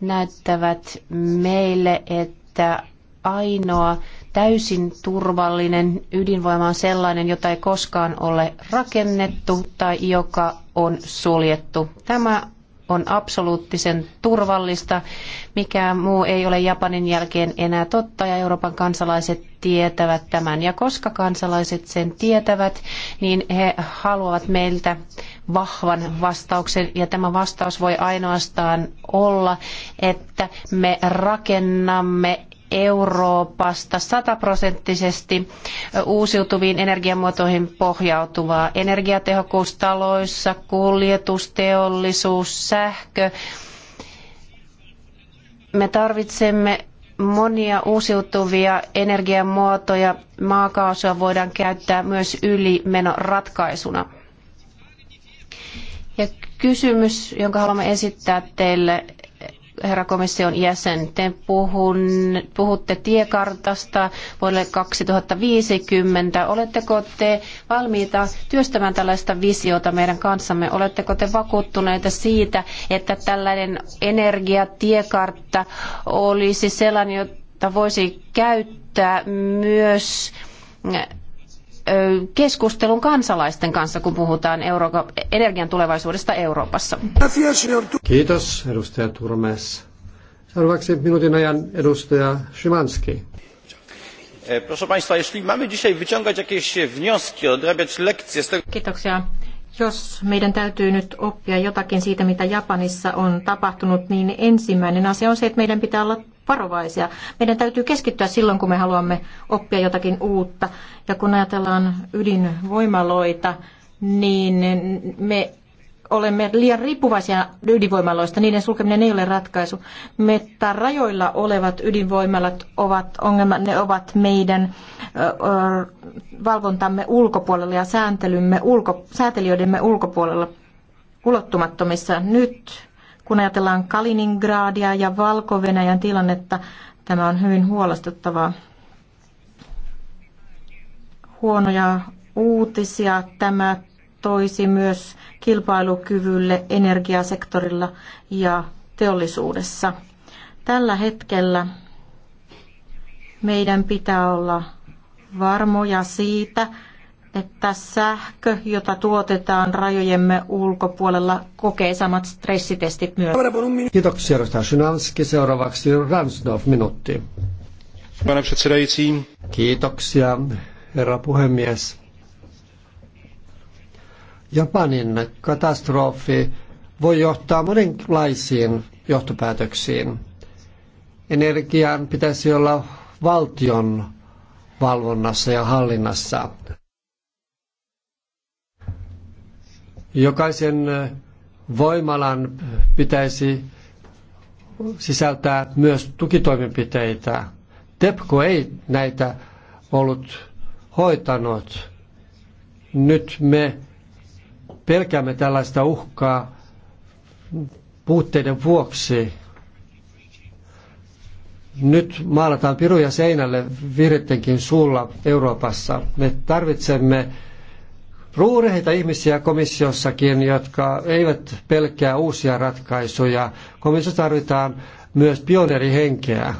näyttävät meille, että ainoa täysin turvallinen ydinvoima on sellainen, jota ei koskaan ole rakennettu tai joka on suljettu. Tämä on absoluuttisen turvallista. Mikään muu ei ole Japanin jälkeen enää totta ja Euroopan kansalaiset tietävät tämän. Ja koska kansalaiset sen tietävät, niin he haluavat meiltä vahvan vastauksen ja tämä vastaus voi ainoastaan olla, että me rakennamme Euroopasta sataprosenttisesti uusiutuviin energiamuotoihin pohjautuvaa energiatehokkuus taloissa, kuljetus, teollisuus, sähkö. Me tarvitsemme monia uusiutuvia energiamuotoja. Maakaasua voidaan käyttää myös ylimenoratkaisuna. Ja kysymys, jonka haluamme esittää teille, herra komission jäsen, te puhun, puhutte tiekartasta vuodelle 2050. Oletteko te valmiita työstämään tällaista visiota meidän kanssamme? Oletteko te vakuuttuneita siitä, että tällainen energiatiekartta olisi sellainen, jota voisi käyttää myös keskustelun kansalaisten kanssa, kun puhutaan Euro- energian tulevaisuudesta Euroopassa. Kiitos, edustaja Turmes. Seuraavaksi minuutin ajan edustaja Szymanski. E, proszę Państwa, jeśli mamy dzisiaj wyciągać jakieś wnioski, odrabiać lekcje z tego... Kiitoksia jos meidän täytyy nyt oppia jotakin siitä, mitä Japanissa on tapahtunut, niin ensimmäinen asia on se, että meidän pitää olla varovaisia. Meidän täytyy keskittyä silloin, kun me haluamme oppia jotakin uutta. Ja kun ajatellaan ydinvoimaloita, niin me olemme liian riippuvaisia ydinvoimaloista. Niiden sulkeminen ei ole ratkaisu. Mutta rajoilla olevat ydinvoimalat ovat ongelma, ne ovat meidän valvontamme ulkopuolella ja sääntelymme ulko, säätelijöidemme ulkopuolella ulottumattomissa. Nyt kun ajatellaan Kaliningradia ja Valko-Venäjän tilannetta, tämä on hyvin huolestuttavaa. Huonoja uutisia tämä toisi myös kilpailukyvylle energiasektorilla ja teollisuudessa. Tällä hetkellä meidän pitää olla varmoja siitä, että sähkö, jota tuotetaan rajojemme ulkopuolella, kokee samat stressitestit myös. Kiitoksia, edustaja Synanski. Seuraavaksi Ransdorf, minuutti. Kiitoksia, herra puhemies. Japanin katastrofi voi johtaa monenlaisiin johtopäätöksiin. Energian pitäisi olla valtion valvonnassa ja hallinnassa. Jokaisen voimalan pitäisi sisältää myös tukitoimenpiteitä. TEPKO ei näitä ollut hoitanut. Nyt me pelkäämme tällaista uhkaa puutteiden vuoksi. Nyt maalataan piruja seinälle virittenkin suulla Euroopassa. Me tarvitsemme ruureita ihmisiä komissiossakin, jotka eivät pelkää uusia ratkaisuja. Komissio tarvitaan myös pioneerihenkeä.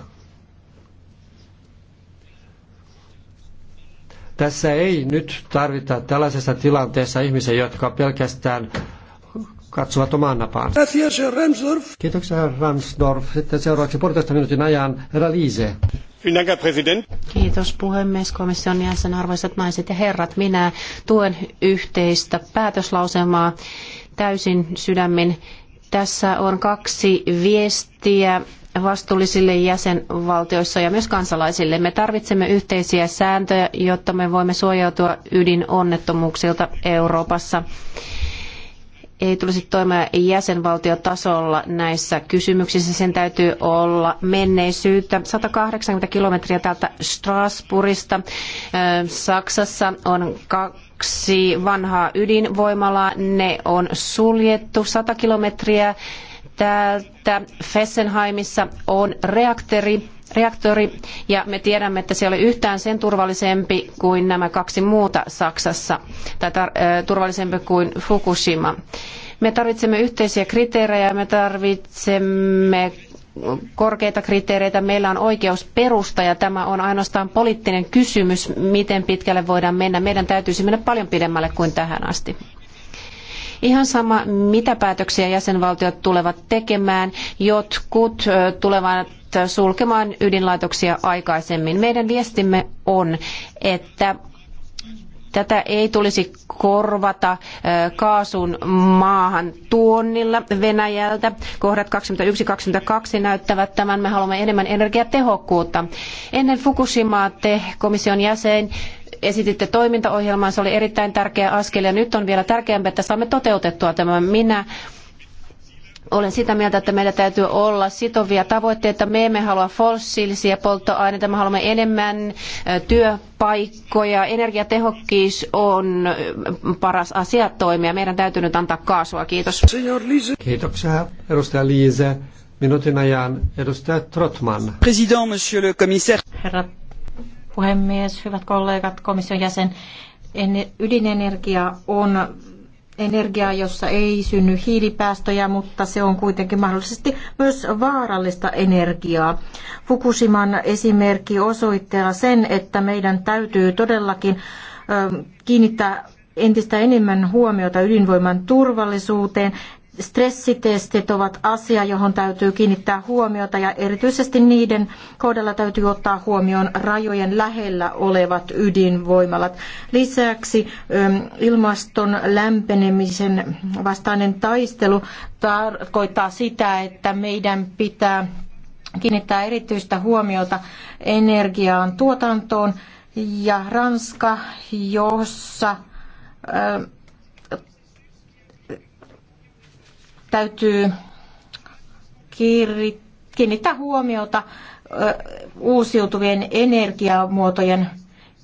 Tässä ei nyt tarvita tällaisessa tilanteessa ihmisiä, jotka pelkästään katsovat omaan napaan. Kiitoksia, herra Ramsdorf. Sitten seuraavaksi puolitoista minuutin ajan herra Liise. Kiitos puhemies, komission jäsen, arvoisat naiset ja herrat. Minä tuen yhteistä päätöslausemaa täysin sydämin. Tässä on kaksi viestiä vastuullisille jäsenvaltioissa ja myös kansalaisille. Me tarvitsemme yhteisiä sääntöjä, jotta me voimme suojautua ydinonnettomuuksilta Euroopassa. Ei tulisi toimia jäsenvaltiotasolla näissä kysymyksissä. Sen täytyy olla menneisyyttä. 180 kilometriä täältä Strasbourgista. Saksassa on kaksi vanhaa ydinvoimalaa. Ne on suljettu 100 kilometriä täältä Fessenheimissa on reaktori, reaktori ja me tiedämme, että se oli yhtään sen turvallisempi kuin nämä kaksi muuta Saksassa tai turvallisempi kuin Fukushima. Me tarvitsemme yhteisiä kriteerejä, me tarvitsemme korkeita kriteereitä, meillä on oikeus perusta ja tämä on ainoastaan poliittinen kysymys, miten pitkälle voidaan mennä. Meidän täytyisi mennä paljon pidemmälle kuin tähän asti. Ihan sama, mitä päätöksiä jäsenvaltiot tulevat tekemään, jotkut tulevat sulkemaan ydinlaitoksia aikaisemmin. Meidän viestimme on, että Tätä ei tulisi korvata kaasun maahan tuonnilla Venäjältä. Kohdat 21-22 näyttävät tämän. Me haluamme enemmän energiatehokkuutta. Ennen Fukushimaa te komission jäsen esititte toimintaohjelman, se oli erittäin tärkeä askel ja nyt on vielä tärkeämpää, että saamme toteutettua tämän. Minä olen sitä mieltä, että meillä täytyy olla sitovia tavoitteita. Me emme halua fossiilisia polttoaineita, me haluamme enemmän työpaikkoja. Energiatehokkuus on paras asia toimia. Meidän täytyy nyt antaa kaasua. Kiitos. Kiitoksia, edustaja Liise. Minuutin ajan edustaja Trotman. President, monsieur le commissaire. Herra puhemies, hyvät kollegat, komission jäsen. Ydinenergia on energiaa, jossa ei synny hiilipäästöjä, mutta se on kuitenkin mahdollisesti myös vaarallista energiaa. Fukushiman esimerkki osoittaa sen, että meidän täytyy todellakin kiinnittää entistä enemmän huomiota ydinvoiman turvallisuuteen Stressitestit ovat asia, johon täytyy kiinnittää huomiota ja erityisesti niiden kohdalla täytyy ottaa huomioon rajojen lähellä olevat ydinvoimalat. Lisäksi ähm, ilmaston lämpenemisen vastainen taistelu tarkoittaa sitä, että meidän pitää kiinnittää erityistä huomiota energiaan tuotantoon ja Ranska, jossa äh, täytyy kiinnittää huomiota uusiutuvien energiamuotojen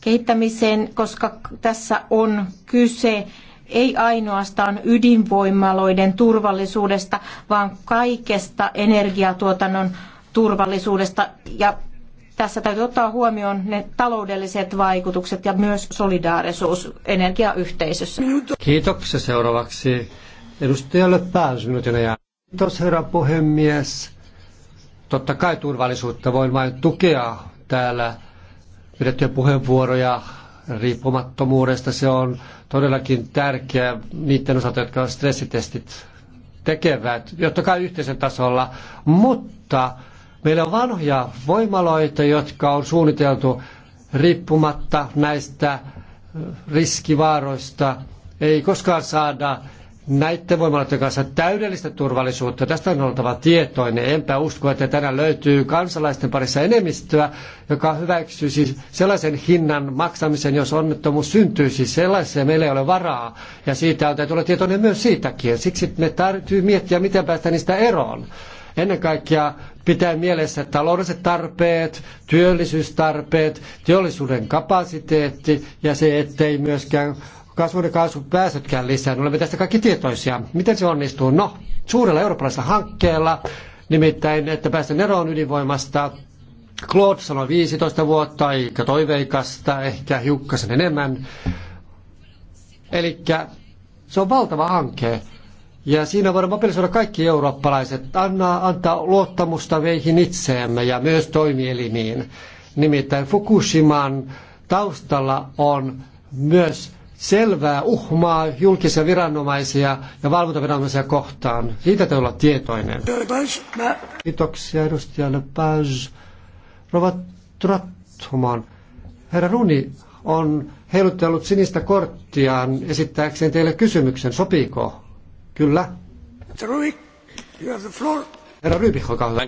kehittämiseen, koska tässä on kyse ei ainoastaan ydinvoimaloiden turvallisuudesta, vaan kaikesta energiatuotannon turvallisuudesta. Ja tässä täytyy ottaa huomioon ne taloudelliset vaikutukset ja myös solidaarisuus energiayhteisössä. Kiitoksia seuraavaksi Edustajalle pääs minuutin ajan. Kiitos herra puhemies. Totta kai turvallisuutta voin vain tukea täällä pidettyjä puheenvuoroja riippumattomuudesta. Se on todellakin tärkeä, niiden osalta, jotka stressitestit tekevät, jotta kai yhteisen tasolla, mutta meillä on vanhoja voimaloita, jotka on suunniteltu riippumatta näistä riskivaaroista. Ei koskaan saada näiden voimaloiden kanssa täydellistä turvallisuutta. Tästä on oltava tietoinen. Enpä usko, että tänään löytyy kansalaisten parissa enemmistöä, joka hyväksyisi sellaisen hinnan maksamisen, jos onnettomuus syntyisi. Sellaiseen meillä ei ole varaa. Ja siitä on täytyy olla tietoinen myös siitäkin. Siksi me täytyy miettiä, miten päästä niistä eroon. Ennen kaikkea pitää mielessä taloudelliset tarpeet, työllisyystarpeet, teollisuuden kapasiteetti ja se, ettei myöskään kasvun kaasupäästötkään lisää. Olemme tästä kaikki tietoisia. Miten se onnistuu? No, suurella eurooppalaisella hankkeella, nimittäin, että päästään eroon ydinvoimasta. Claude sanoi 15 vuotta, aika toiveikasta, ehkä hiukkasen enemmän. Eli se on valtava hanke. Ja siinä voidaan mobilisoida kaikki eurooppalaiset, anna, antaa luottamusta meihin itseemme ja myös toimielimiin. Nimittäin Fukushiman taustalla on myös selvää uhmaa julkisia viranomaisia ja valvontaviranomaisia kohtaan. Siitä täytyy olla tietoinen. Kiitoksia edustaja Lepage. Rova Trottoman. Herra Runi on heiluttellut sinistä korttiaan esittääkseen teille kysymyksen. Sopiiko? Kyllä. floor. Herra Rybik, olkaa hyvä.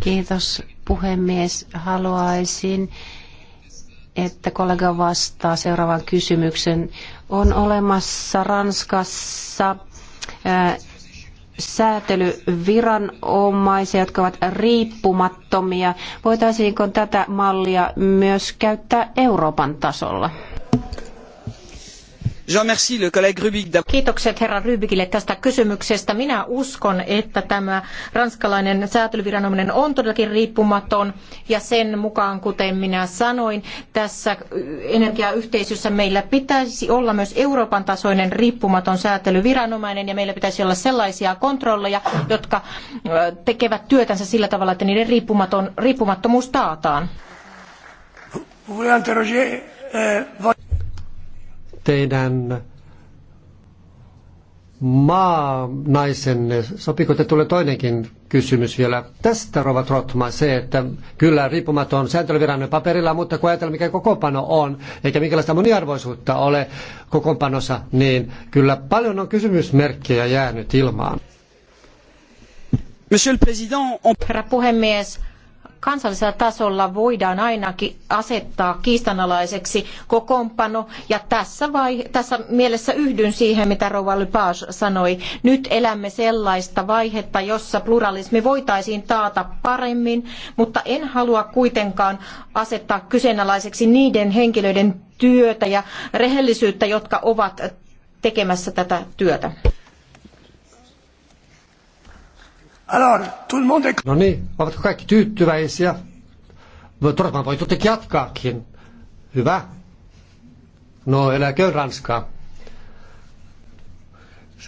Kiitos puhemies. Haluaisin että kollega vastaa seuraavan kysymyksen. On olemassa Ranskassa säätelyviranomaisia, jotka ovat riippumattomia. Voitaisiinko tätä mallia myös käyttää Euroopan tasolla? Kiitokset herra Rybikille tästä kysymyksestä. Minä uskon, että tämä ranskalainen säätelyviranomainen on todellakin riippumaton ja sen mukaan, kuten minä sanoin, tässä energiayhteisössä meillä pitäisi olla myös Euroopan tasoinen riippumaton säätelyviranomainen ja meillä pitäisi olla sellaisia kontrolleja, jotka tekevät työtänsä sillä tavalla, että niiden riippumattomuus taataan teidän naisenne, sopiko te tulee toinenkin kysymys vielä tästä, Rova Trotman, se, että kyllä riippumaton sääntelyviranne paperilla, mutta kun ajatellaan mikä kokoonpano on, eikä minkälaista moniarvoisuutta ole kokoonpanossa, niin kyllä paljon on kysymysmerkkejä jäänyt ilmaan. Monsieur le Président, on... Herra puhemies, kansallisella tasolla voidaan ainakin asettaa kiistanalaiseksi kokoonpano. Ja tässä, vai, tässä mielessä yhdyn siihen, mitä Rova Lepage sanoi. Nyt elämme sellaista vaihetta, jossa pluralismi voitaisiin taata paremmin, mutta en halua kuitenkaan asettaa kyseenalaiseksi niiden henkilöiden työtä ja rehellisyyttä, jotka ovat tekemässä tätä työtä. Alors, tout le monde est... No niin, ovatko kaikki tyytyväisiä? No, Torpan voi tietenkin jatkaakin. Hyvä. No, eläkö Ranskaa.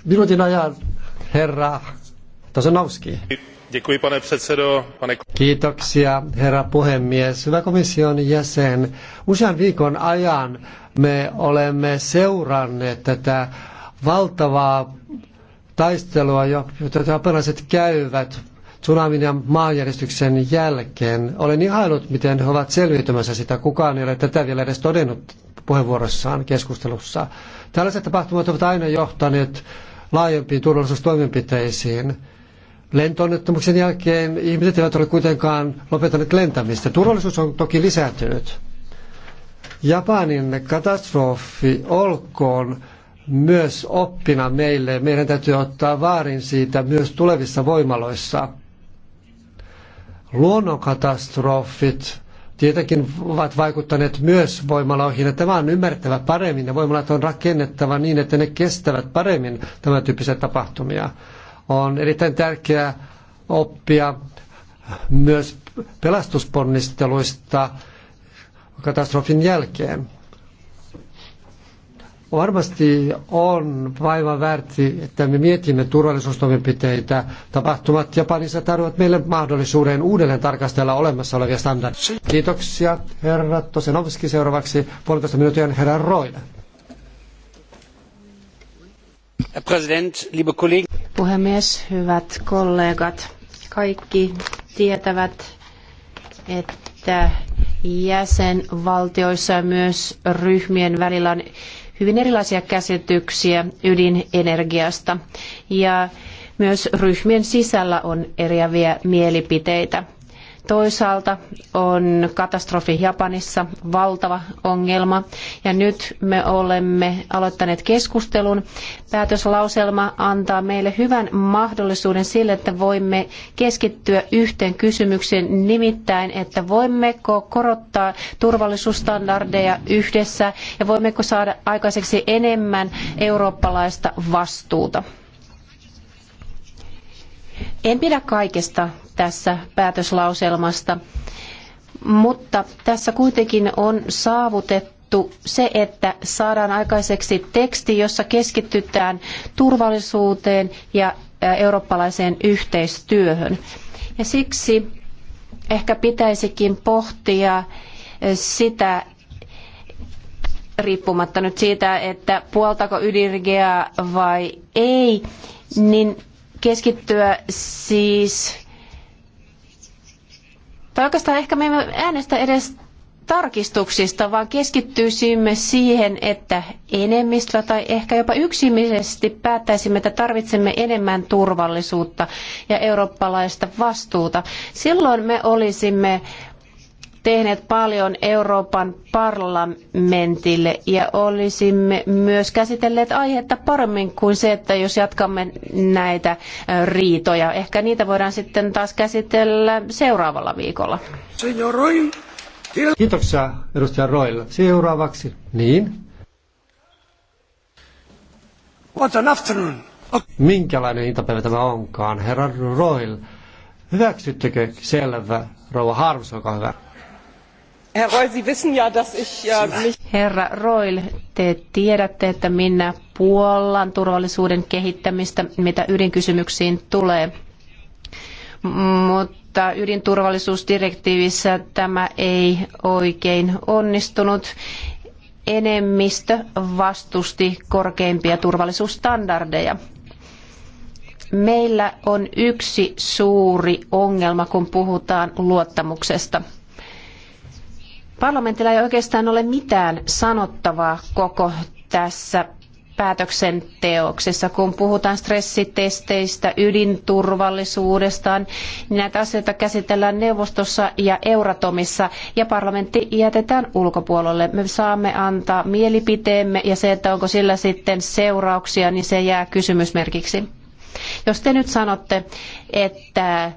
Minuutin ajan, herra Tosanowski. Děkuji, pane předsedo. Pane... Kiitoksia, herra puhemies. Hyvä komission jäsen. Usean viikon ajan me olemme seuranneet tätä valtavaa taistelua, jota japanilaiset käyvät tsunamin ja maanjäristyksen jälkeen. Olen ihailut, miten he ovat selviytymässä sitä. Kukaan ei ole tätä vielä edes todennut puheenvuorossaan keskustelussa. Tällaiset tapahtumat ovat aina johtaneet laajempiin turvallisuustoimenpiteisiin. Lentonnettomuksen jälkeen ihmiset eivät ole kuitenkaan lopettaneet lentämistä. Turvallisuus on toki lisääntynyt. Japanin katastrofi olkoon myös oppina meille. Meidän täytyy ottaa vaarin siitä myös tulevissa voimaloissa. Luonnonkatastrofit tietenkin ovat vaikuttaneet myös voimaloihin, ja tämä on ymmärrettävä paremmin, ja voimalat on rakennettava niin, että ne kestävät paremmin tämän tyyppisiä tapahtumia. On erittäin tärkeää oppia myös pelastusponnisteluista katastrofin jälkeen. Varmasti on vaivan väärti, että me mietimme turvallisuustoimenpiteitä. Tapahtumat Japanissa tarjoavat meille mahdollisuuden uudelleen tarkastella olemassa olevia standardeja. Kiitoksia, herra Tosenovski. Seuraavaksi puolitoista minuutin herra Roina. Puhemies, hyvät kollegat. Kaikki tietävät, että jäsenvaltioissa ja myös ryhmien välillä on hyvin erilaisia käsityksiä ydinenergiasta ja myös ryhmien sisällä on eriäviä mielipiteitä. Toisaalta on katastrofi Japanissa valtava ongelma ja nyt me olemme aloittaneet keskustelun. Päätöslauselma antaa meille hyvän mahdollisuuden sille, että voimme keskittyä yhteen kysymykseen, nimittäin, että voimmeko korottaa turvallisuusstandardeja yhdessä ja voimmeko saada aikaiseksi enemmän eurooppalaista vastuuta. En pidä kaikesta tässä päätöslauselmasta. Mutta tässä kuitenkin on saavutettu se, että saadaan aikaiseksi teksti, jossa keskitytään turvallisuuteen ja eurooppalaiseen yhteistyöhön. Ja siksi ehkä pitäisikin pohtia sitä, riippumatta nyt siitä, että puoltako ydinenergiaa vai ei, niin keskittyä siis tai oikeastaan ehkä me emme äänestä edes tarkistuksista, vaan keskittyisimme siihen, että enemmistöllä tai ehkä jopa yksimielisesti päättäisimme, että tarvitsemme enemmän turvallisuutta ja eurooppalaista vastuuta. Silloin me olisimme tehneet paljon Euroopan parlamentille ja olisimme myös käsitelleet aihetta paremmin kuin se, että jos jatkamme näitä äh, riitoja. Ehkä niitä voidaan sitten taas käsitellä seuraavalla viikolla. Kiitoksia edustaja Roil. Seuraavaksi. Niin. What an afternoon. Okay. Minkälainen iltapäivä tämä onkaan, herra Roil? Hyväksyttekö selvä, rouva Harms, olkaa hyvä. Äh, Herra Roil, te tiedätte, että minä puollan turvallisuuden kehittämistä, mitä ydinkysymyksiin tulee. Mutta ydinturvallisuusdirektiivissä tämä ei oikein onnistunut. Enemmistö vastusti korkeimpia turvallisuusstandardeja. Meillä on yksi suuri ongelma, kun puhutaan luottamuksesta – Parlamentilla ei oikeastaan ole mitään sanottavaa koko tässä päätöksenteoksessa, kun puhutaan stressitesteistä, ydinturvallisuudestaan, niin näitä asioita käsitellään neuvostossa ja Euratomissa ja parlamentti jätetään ulkopuolelle. Me saamme antaa mielipiteemme ja se, että onko sillä sitten seurauksia, niin se jää kysymysmerkiksi. Jos te nyt sanotte, että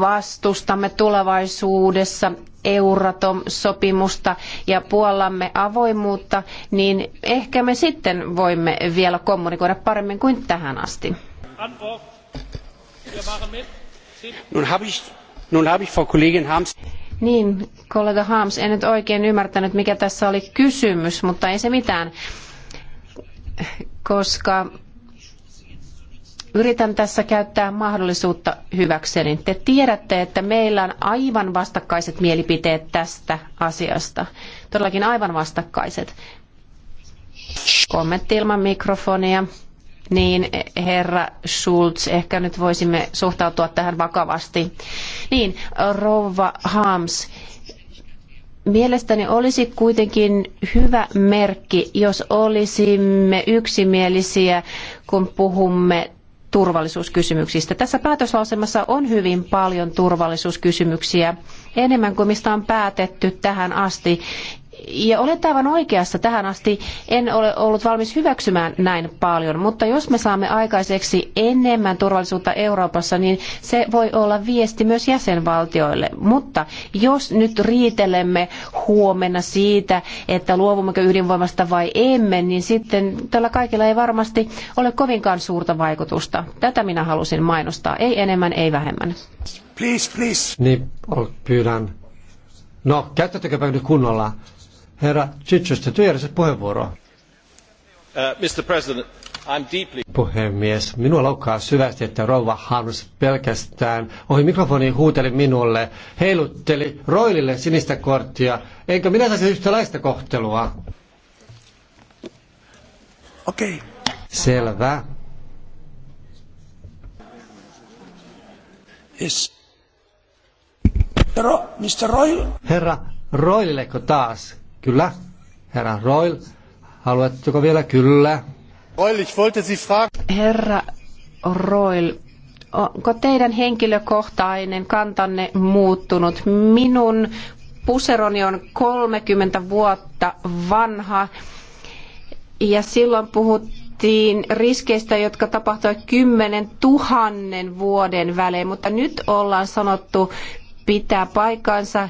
vastustamme tulevaisuudessa Euratom-sopimusta ja puollamme avoimuutta, niin ehkä me sitten voimme vielä kommunikoida paremmin kuin tähän asti. Niin, kollega Harms, en nyt oikein ymmärtänyt, mikä tässä oli kysymys, mutta ei se mitään, koska Yritän tässä käyttää mahdollisuutta hyväkseni. Te tiedätte, että meillä on aivan vastakkaiset mielipiteet tästä asiasta. Todellakin aivan vastakkaiset. Kommentti ilman mikrofonia. Niin, herra Schulz, ehkä nyt voisimme suhtautua tähän vakavasti. Niin, rouva Hams, mielestäni olisi kuitenkin hyvä merkki, jos olisimme yksimielisiä, kun puhumme turvallisuuskysymyksistä. Tässä päätöslauselmassa on hyvin paljon turvallisuuskysymyksiä, enemmän kuin mistä on päätetty tähän asti. Ja olet aivan oikeassa tähän asti. En ole ollut valmis hyväksymään näin paljon, mutta jos me saamme aikaiseksi enemmän turvallisuutta Euroopassa, niin se voi olla viesti myös jäsenvaltioille. Mutta jos nyt riitelemme huomenna siitä, että luovummeko ydinvoimasta vai emme, niin sitten tällä kaikilla ei varmasti ole kovinkaan suurta vaikutusta. Tätä minä halusin mainostaa. Ei enemmän, ei vähemmän. Please, please. Niin, pyydän. No, käyttäytykääpä nyt kunnolla. Herra Chichester, työjärjestys puheenvuoroa. Uh, Puhemies, minua loukkaa syvästi, että rouva Harms pelkästään ohi mikrofoni huuteli minulle, heilutteli roilille sinistä korttia. Eikö minä saisi yhtäläistä kohtelua? Okei. Okay. Selvä. Yes. Herra Roy. Herra Roilileko taas? Kyllä, herra Roil. Haluatteko vielä? Kyllä. Roil, ich wollte Sie fragen. Herra Roil, onko teidän henkilökohtainen kantanne muuttunut? Minun puseroni on 30 vuotta vanha ja silloin puhuttiin riskeistä, jotka tapahtuivat 10 tuhannen vuoden välein, mutta nyt ollaan sanottu pitää paikansa.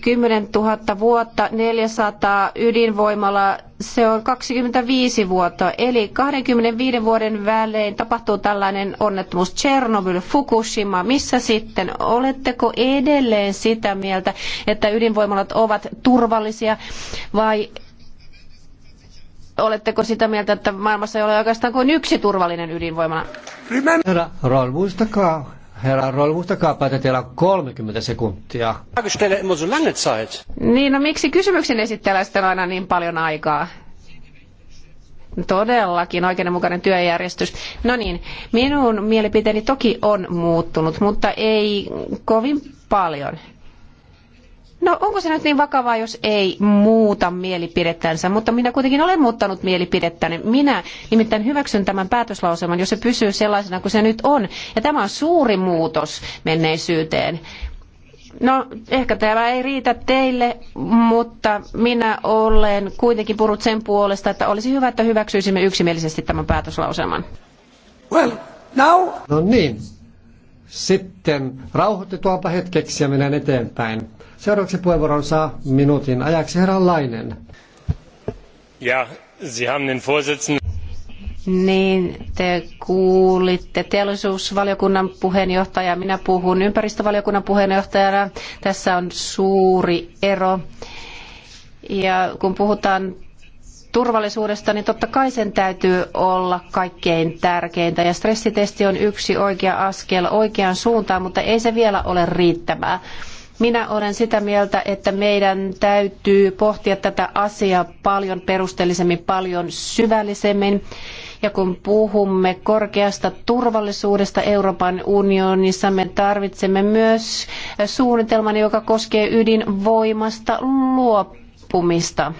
10 000 vuotta, 400 ydinvoimalla se on 25 vuotta. Eli 25 vuoden välein tapahtuu tällainen onnettomuus Chernobyl, Fukushima. Missä sitten? Oletteko edelleen sitä mieltä, että ydinvoimalat ovat turvallisia vai oletteko sitä mieltä, että maailmassa ei ole oikeastaan kuin yksi turvallinen ydinvoimala? Roll, muistakaa Herra Roll, muistakaapa, että teillä on 30 sekuntia. Niin, no miksi kysymyksen esittää sitten aina niin paljon aikaa? Todellakin, oikeudenmukainen työjärjestys. No niin, minun mielipiteeni toki on muuttunut, mutta ei kovin paljon. No onko se nyt niin vakavaa, jos ei muuta mielipidettänsä, mutta minä kuitenkin olen muuttanut mielipidettäni. Minä nimittäin hyväksyn tämän päätöslauselman, jos se pysyy sellaisena kuin se nyt on. Ja tämä on suuri muutos menneisyyteen. No, ehkä tämä ei riitä teille, mutta minä olen kuitenkin purut sen puolesta, että olisi hyvä, että hyväksyisimme yksimielisesti tämän päätöslauselman. Well, now... No niin, sitten rauhoitetuanpa hetkeksi ja mennään eteenpäin. Seuraavaksi puheenvuoron saa minuutin ajaksi herra Lainen. Ja, Sie haben den Vorsitzenden. Niin, te kuulitte teollisuusvaliokunnan puheenjohtaja, minä puhun ympäristövaliokunnan puheenjohtajana. Tässä on suuri ero. Ja kun puhutaan turvallisuudesta, niin totta kai sen täytyy olla kaikkein tärkeintä. Ja stressitesti on yksi oikea askel oikeaan suuntaan, mutta ei se vielä ole riittävää. Minä olen sitä mieltä, että meidän täytyy pohtia tätä asiaa paljon perusteellisemmin, paljon syvällisemmin. Ja kun puhumme korkeasta turvallisuudesta Euroopan unionissa, me tarvitsemme myös suunnitelman, joka koskee ydinvoimasta luopumista.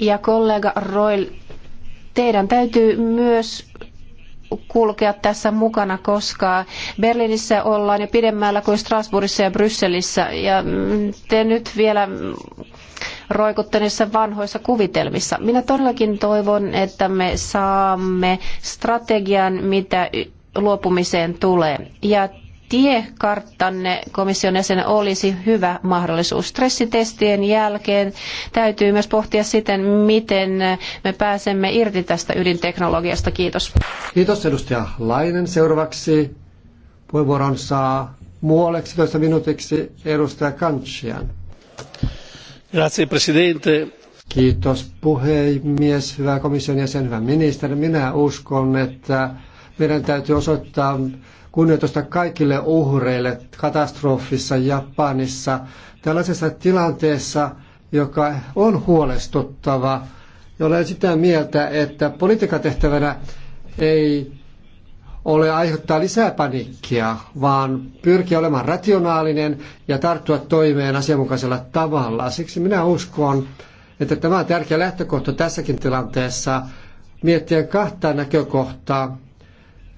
Ja kollega Roil, teidän täytyy myös kulkea tässä mukana, koska Berliinissä ollaan jo pidemmällä kuin Strasbourgissa ja Brysselissä. Ja te nyt vielä roikutte niissä vanhoissa kuvitelmissa. Minä todellakin toivon, että me saamme strategian, mitä luopumiseen tulee. Ja tiekarttanne komission jäsen olisi hyvä mahdollisuus. Stressitestien jälkeen täytyy myös pohtia siten, miten me pääsemme irti tästä ydinteknologiasta. Kiitos. Kiitos edustaja Lainen. Seuraavaksi puheenvuoron saa muualeksi toista minuutiksi edustaja Kantsian. Grazie presidente. Kiitos puhemies, hyvä komission jäsen, hyvä ministeri. Minä uskon, että meidän täytyy osoittaa kunnioitusta kaikille uhreille katastrofissa Japanissa. Tällaisessa tilanteessa, joka on huolestuttava, ja olen sitä mieltä, että politiikatehtävänä ei ole aiheuttaa lisää paniikkia, vaan pyrkiä olemaan rationaalinen ja tarttua toimeen asianmukaisella tavalla. Siksi minä uskon, että tämä on tärkeä lähtökohta tässäkin tilanteessa miettiä kahta näkökohtaa.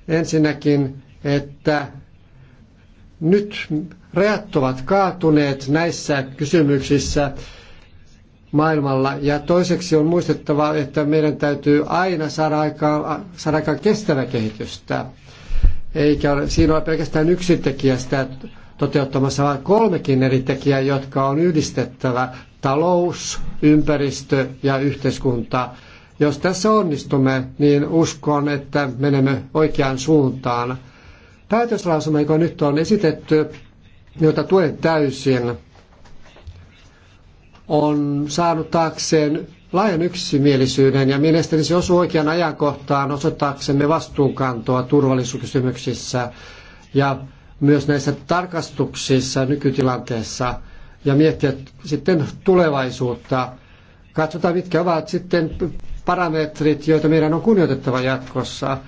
Ensinnäkin että nyt rajat ovat kaatuneet näissä kysymyksissä maailmalla. Ja toiseksi on muistettava, että meidän täytyy aina saada aikaan, saada aikaan kestävä kehitystä. Eikä ole, siinä ole pelkästään yksi tekijä sitä toteuttamassa, vaan kolmekin eri tekijää, jotka on yhdistettävä. Talous, ympäristö ja yhteiskunta. Jos tässä onnistumme, niin uskon, että menemme oikeaan suuntaan – Päätöslausuma, joka nyt on esitetty, jota tuen täysin, on saanut taakseen laajan yksimielisyyden ja mielestäni se osuu oikean ajankohtaan osoittaaksemme vastuunkantoa turvallisuuskysymyksissä ja myös näissä tarkastuksissa nykytilanteessa ja miettiä sitten tulevaisuutta. Katsotaan, mitkä ovat sitten parametrit, joita meidän on kunnioitettava jatkossa.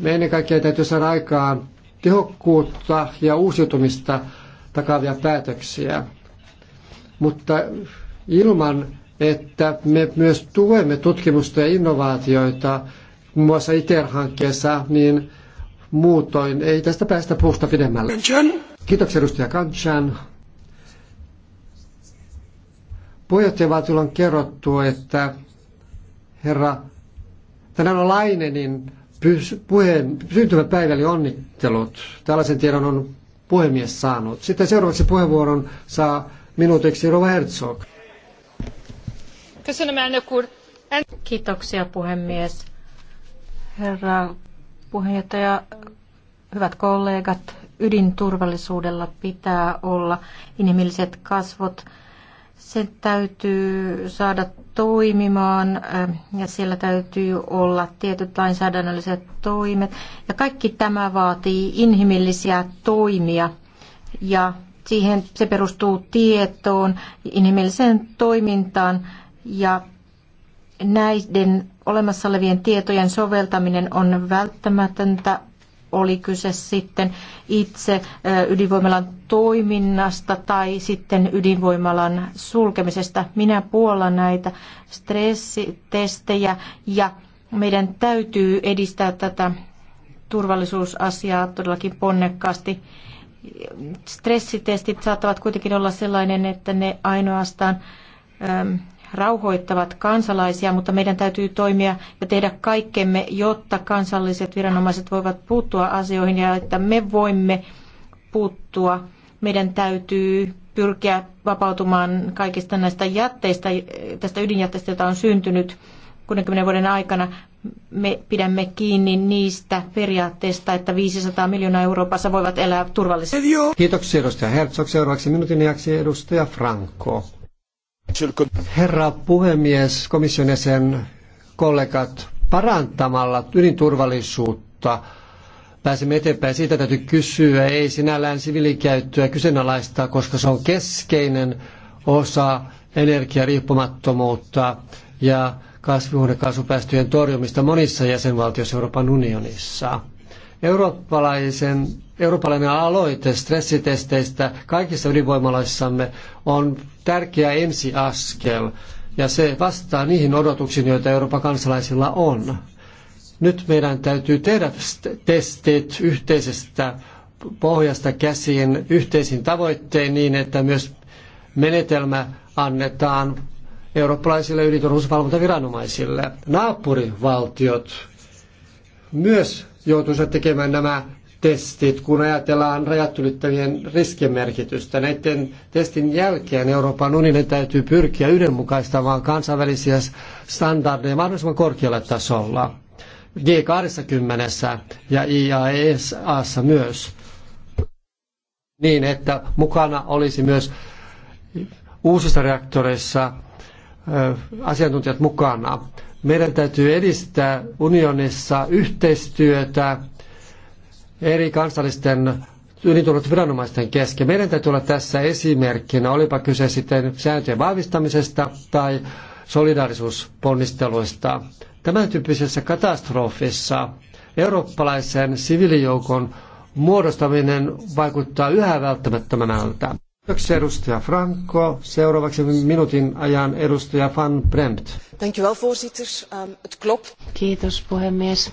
Me ennen kaikkea täytyy saada aikaan tehokkuutta ja uusiutumista takavia päätöksiä. Mutta ilman, että me myös tuemme tutkimusta ja innovaatioita, muun muassa ITER-hankkeessa, niin muutoin ei tästä päästä puusta pidemmälle. Kiitoksia edustaja Kanchan. Puheenjohtajavaltiolla on kerrottu, että herra tänään on Lainenin niin puheen, syntymäpäivälle onnittelut. Tällaisen tiedon on puhemies saanut. Sitten seuraavaksi puheenvuoron saa minuutiksi Rova Herzog. Kiitoksia puhemies. Herra puheenjohtaja, hyvät kollegat, ydinturvallisuudella pitää olla inhimilliset kasvot sen täytyy saada toimimaan ähm, ja siellä täytyy olla tietyt lainsäädännölliset toimet. Ja kaikki tämä vaatii inhimillisiä toimia ja siihen se perustuu tietoon, inhimilliseen toimintaan ja näiden olemassa olevien tietojen soveltaminen on välttämätöntä oli kyse sitten itse ydinvoimalan toiminnasta tai sitten ydinvoimalan sulkemisesta. Minä puolan näitä stressitestejä ja meidän täytyy edistää tätä turvallisuusasiaa todellakin ponnekkaasti. Stressitestit saattavat kuitenkin olla sellainen, että ne ainoastaan rauhoittavat kansalaisia, mutta meidän täytyy toimia ja tehdä kaikkemme, jotta kansalliset viranomaiset voivat puuttua asioihin ja että me voimme puuttua. Meidän täytyy pyrkiä vapautumaan kaikista näistä jätteistä, tästä ydinjätteestä, jota on syntynyt 60 vuoden aikana. Me pidämme kiinni niistä periaatteista, että 500 miljoonaa Euroopassa voivat elää turvallisesti. Kiitoksia edustaja Herzog. Seuraavaksi minuutin edustaja Franco. Herra puhemies, komission jäsen kollegat, parantamalla ydinturvallisuutta pääsemme eteenpäin. Siitä täytyy kysyä. Ei sinällään siviilikäyttöä kyseenalaistaa, koska se on keskeinen osa energiariippumattomuutta ja kasvihuonekaasupäästöjen torjumista monissa jäsenvaltioissa Euroopan unionissa. Eurooppalaisen Eurooppalainen aloite stressitesteistä kaikissa ydinvoimalaissamme on tärkeä ensiaskel ja se vastaa niihin odotuksiin, joita Euroopan kansalaisilla on. Nyt meidän täytyy tehdä testit yhteisestä pohjasta käsiin yhteisin tavoittein niin, että myös menetelmä annetaan eurooppalaisille ydinturvallisuusvalvontaviranomaisille. Naapurivaltiot myös joutuisivat tekemään nämä testit, kun ajatellaan rajat ylittävien riskimerkitystä. Näiden testin jälkeen Euroopan unionin täytyy pyrkiä yhdenmukaistamaan kansainvälisiä standardeja mahdollisimman korkealla tasolla. G20 ja IAESAssa e myös. Niin, että mukana olisi myös uusissa reaktoreissa asiantuntijat mukana. Meidän täytyy edistää unionissa yhteistyötä eri kansallisten viranomaisten kesken. Meidän täytyy olla tässä esimerkkinä, olipa kyse sitten sääntöjen vahvistamisesta tai solidaarisuusponnisteluista. Tämän tyyppisessä katastrofissa eurooppalaisen siviilijoukon muodostaminen vaikuttaa yhä välttämättömältä. Yksi edustaja Franco. Seuraavaksi minuutin ajan edustaja Van Bremt. Um, klopt. Kiitos puhemies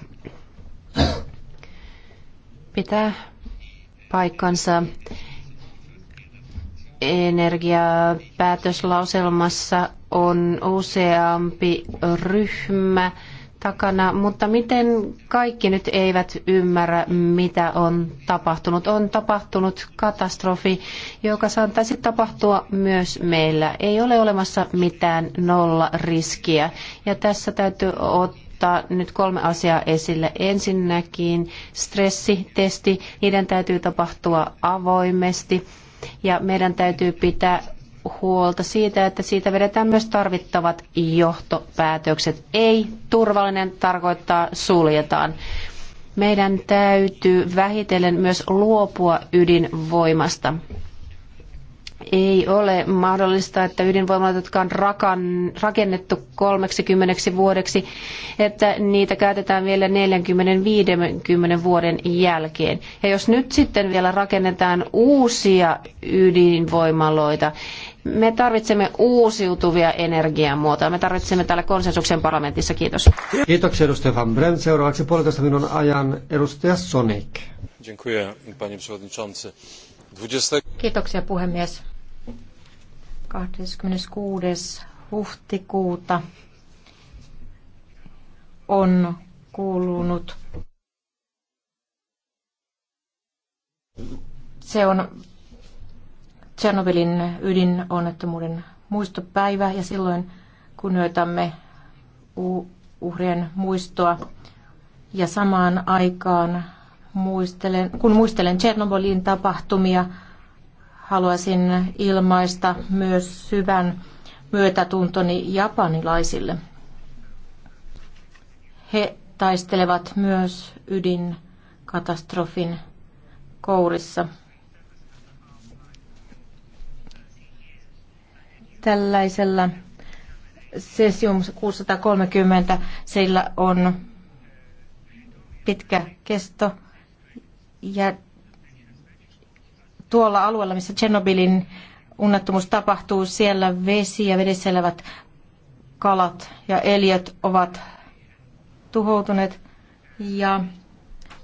pitää paikkansa energiapäätöslauselmassa on useampi ryhmä takana, mutta miten kaikki nyt eivät ymmärrä, mitä on tapahtunut? On tapahtunut katastrofi, joka saattaisi tapahtua myös meillä. Ei ole olemassa mitään nolla riskiä ja tässä täytyy ottaa ottaa nyt kolme asiaa esille. Ensinnäkin stressitesti, niiden täytyy tapahtua avoimesti ja meidän täytyy pitää huolta siitä, että siitä vedetään myös tarvittavat johtopäätökset. Ei turvallinen tarkoittaa suljetaan. Meidän täytyy vähitellen myös luopua ydinvoimasta ei ole mahdollista, että ydinvoimalat, jotka on rakan, rakennettu 30 vuodeksi, että niitä käytetään vielä 40-50 vuoden jälkeen. Ja jos nyt sitten vielä rakennetaan uusia ydinvoimaloita, me tarvitsemme uusiutuvia energiamuotoja. Me tarvitsemme täällä konsensuksen parlamentissa. Kiitos. Kiitoksia edustaja Van Brent. Seuraavaksi puolitoista minun ajan edustaja Sonik. Dziękuję, panie przewodniczący. Kiitoksia puhemies. 26. huhtikuuta on kuulunut. Se on Tchernobylin ydinonnettomuuden muistopäivä ja silloin kunnioitamme uhrien muistoa ja samaan aikaan muistelen, kun muistelen Tchernobylin tapahtumia, haluaisin ilmaista myös syvän myötätuntoni japanilaisille. He taistelevat myös ydinkatastrofin kourissa. Tällaisella sesium 630 sillä on pitkä kesto ja tuolla alueella, missä Tsernobylin unnettomuus tapahtuu, siellä vesi ja vedessä elävät kalat ja eliöt ovat tuhoutuneet ja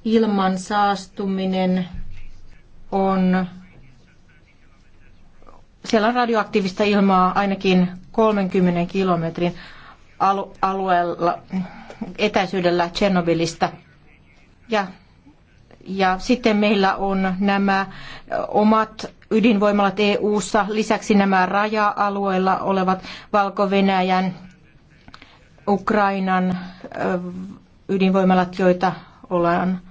ilman saastuminen on siellä on radioaktiivista ilmaa ainakin 30 kilometrin alueella etäisyydellä Tchernobylistä. Ja ja sitten meillä on nämä omat ydinvoimalat EU-ssa, lisäksi nämä raja-alueilla olevat Valko-Venäjän, Ukrainan ydinvoimalat, joita ollaan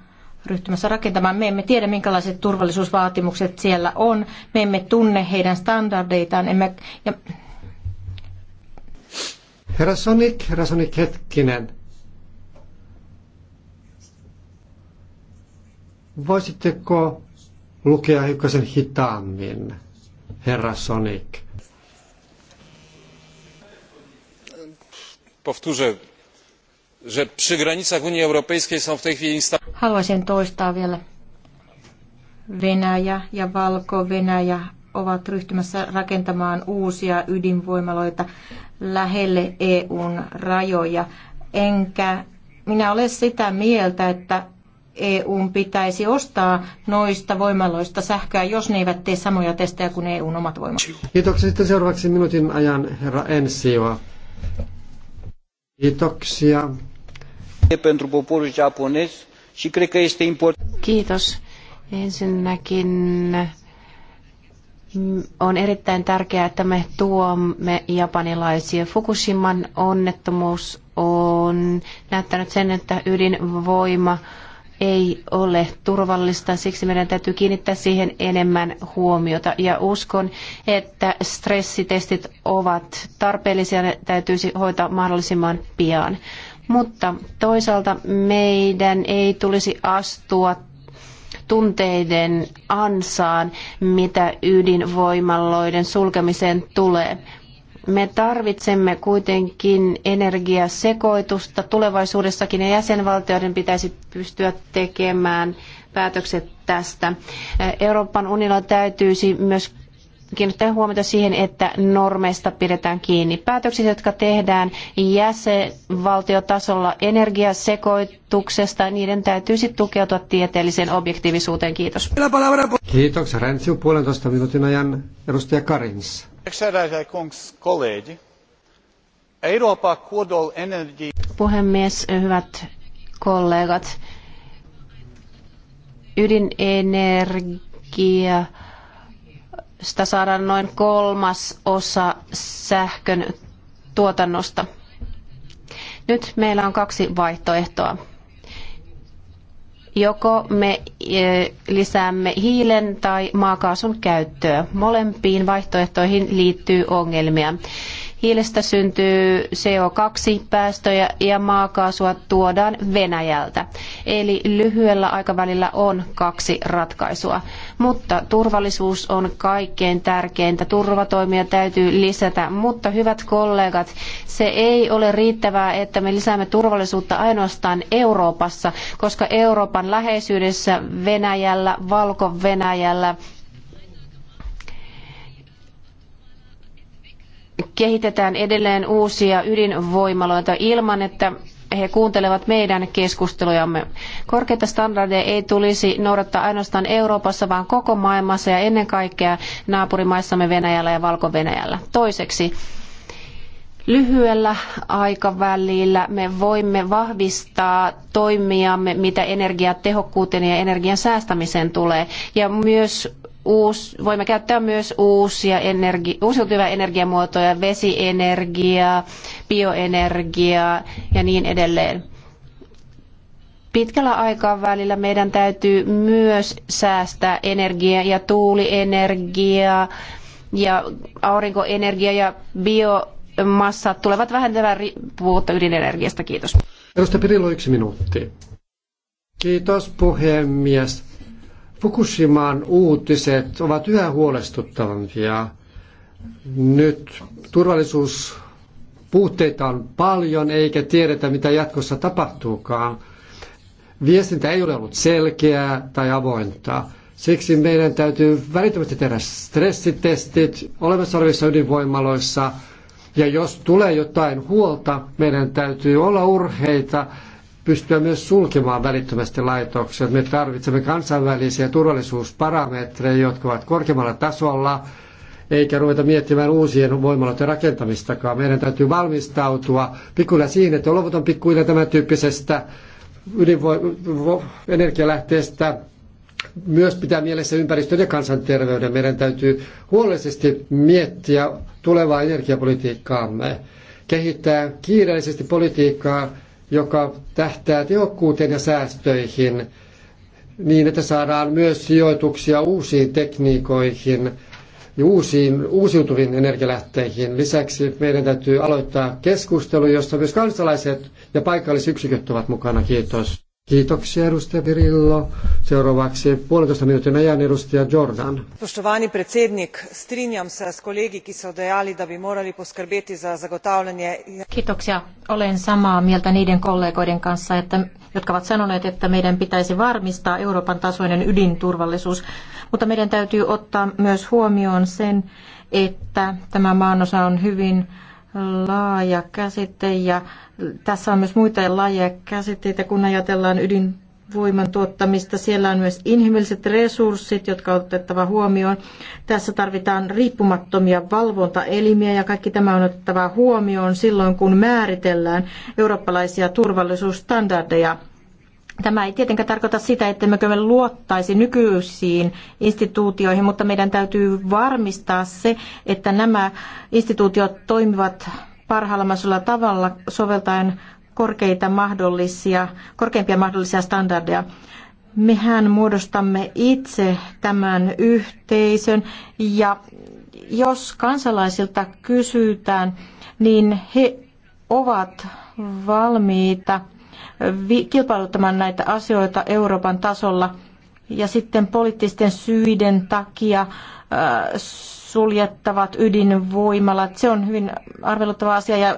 ryhtymässä rakentamaan. Me emme tiedä, minkälaiset turvallisuusvaatimukset siellä on. Me emme tunne heidän standardeitaan. Emme, ja... Herra Sonik, herra Sonik, hetkinen. Voisitteko lukea hiukkasen hitaammin, herra Sonic? Powtórzę, że przy granicach Unii Europejskiej są w tej chwili Haluaisin toistaa vielä. Venäjä ja Valko-Venäjä ovat ryhtymässä rakentamaan uusia ydinvoimaloita lähelle EUn rajoja. Enkä minä ole sitä mieltä, että EUn pitäisi ostaa noista voimaloista sähköä, jos ne eivät tee samoja testejä kuin EUn omat voimat. Kiitoksia. Sitten seuraavaksi minuutin ajan herra Ensioa. Kiitoksia. Kiitos. Ensinnäkin mm, on erittäin tärkeää, että me tuomme japanilaisia. Fukushiman onnettomuus on näyttänyt sen, että ydinvoima ei ole turvallista, siksi meidän täytyy kiinnittää siihen enemmän huomiota. Ja uskon, että stressitestit ovat tarpeellisia, ne täytyisi hoitaa mahdollisimman pian. Mutta toisaalta meidän ei tulisi astua tunteiden ansaan, mitä ydinvoimaloiden sulkemiseen tulee. Me tarvitsemme kuitenkin energiasekoitusta tulevaisuudessakin ja jäsenvaltioiden pitäisi pystyä tekemään päätökset tästä. Euroopan unionilla täytyisi myös kiinnittää huomiota siihen, että normeista pidetään kiinni. Päätökset, jotka tehdään jäsenvaltiotasolla energiasekoituksesta, niiden täytyisi tukeutua tieteelliseen objektiivisuuteen. Kiitos. Kiitoksia. Rentsiu puolentoista minuutin ajan. Edustaja Karins. Puhemies, hyvät kollegat. ydinenergiasta saadaan noin kolmas osa sähkön tuotannosta. Nyt meillä on kaksi vaihtoehtoa. Joko me e, lisäämme hiilen tai maakaasun käyttöä. Molempiin vaihtoehtoihin liittyy ongelmia. Hiilestä syntyy CO2-päästöjä ja maakaasua tuodaan Venäjältä. Eli lyhyellä aikavälillä on kaksi ratkaisua. Mutta turvallisuus on kaikkein tärkeintä. Turvatoimia täytyy lisätä. Mutta hyvät kollegat, se ei ole riittävää, että me lisäämme turvallisuutta ainoastaan Euroopassa, koska Euroopan läheisyydessä Venäjällä, Valko-Venäjällä, kehitetään edelleen uusia ydinvoimaloita ilman, että he kuuntelevat meidän keskustelujamme. Korkeita standardeja ei tulisi noudattaa ainoastaan Euroopassa, vaan koko maailmassa ja ennen kaikkea naapurimaissamme Venäjällä ja Valko-Venäjällä. Toiseksi, lyhyellä aikavälillä me voimme vahvistaa toimiamme, mitä energiatehokkuuteen ja energian säästämiseen tulee, ja myös uus, voimme käyttää myös uusia energi, uusiutuvia energiamuotoja, vesienergiaa, bioenergiaa ja niin edelleen. Pitkällä aikavälillä meidän täytyy myös säästää energiaa ja tuulienergiaa ja aurinkoenergia ja biomassat tulevat vähentämään riippuvuutta ydinenergiasta. Kiitos. Edustaja Pirilo, yksi minuutti. Kiitos puhemies. Fukushimaan uutiset ovat yhä huolestuttavampia. Nyt turvallisuuspuutteita on paljon eikä tiedetä, mitä jatkossa tapahtuukaan. Viestintä ei ole ollut selkeää tai avointa. Siksi meidän täytyy välittömästi tehdä stressitestit olemassa olevissa ydinvoimaloissa. Ja jos tulee jotain huolta, meidän täytyy olla urheita pystyä myös sulkemaan välittömästi laitokset. Me tarvitsemme kansainvälisiä turvallisuusparametreja, jotka ovat korkeammalla tasolla, eikä ruveta miettimään uusien voimaloiden rakentamistakaan. Meidän täytyy valmistautua pikkuilla siihen, että on pikkuilla tämän tyyppisestä energialähteestä. Myös pitää mielessä ympäristön ja kansanterveyden. Meidän täytyy huolellisesti miettiä tulevaa energiapolitiikkaamme, kehittää kiireellisesti politiikkaa, joka tähtää tehokkuuteen ja säästöihin niin, että saadaan myös sijoituksia uusiin tekniikoihin ja uusiin, uusiutuviin energialähteihin. Lisäksi meidän täytyy aloittaa keskustelu, jossa myös kansalaiset ja paikallisyksiköt ovat mukana. Kiitos. Kiitoksia edustaja Pirillo. Seuraavaksi puolitoista minuutin ajan edustaja Jordan. Poštovani predsednik, strinjam se s kolegi, ki so dejali, da bi morali poskrbeti za zagotavljanje... Kiitoksia. Olen samaa mieltä niiden kollegoiden kanssa, että, jotka ovat sanoneet, että meidän pitäisi varmistaa Euroopan tasoinen ydinturvallisuus. Mutta meidän täytyy ottaa myös huomioon sen, että tämä maanosa on hyvin laaja käsite ja tässä on myös muita laajia käsitteitä, kun ajatellaan ydinvoiman tuottamista. Siellä on myös inhimilliset resurssit, jotka on otettava huomioon. Tässä tarvitaan riippumattomia valvontaelimiä ja kaikki tämä on otettava huomioon silloin, kun määritellään eurooppalaisia turvallisuusstandardeja Tämä ei tietenkään tarkoita sitä, että me luottaisi nykyisiin instituutioihin, mutta meidän täytyy varmistaa se, että nämä instituutiot toimivat parhaalla mahdollisella tavalla soveltaen korkeita mahdollisia, korkeimpia mahdollisia standardeja. Mehän muodostamme itse tämän yhteisön ja jos kansalaisilta kysytään, niin he ovat valmiita – kilpailuttamaan näitä asioita Euroopan tasolla ja sitten poliittisten syiden takia äh, suljettavat ydinvoimalat. Se on hyvin arveluttava asia ja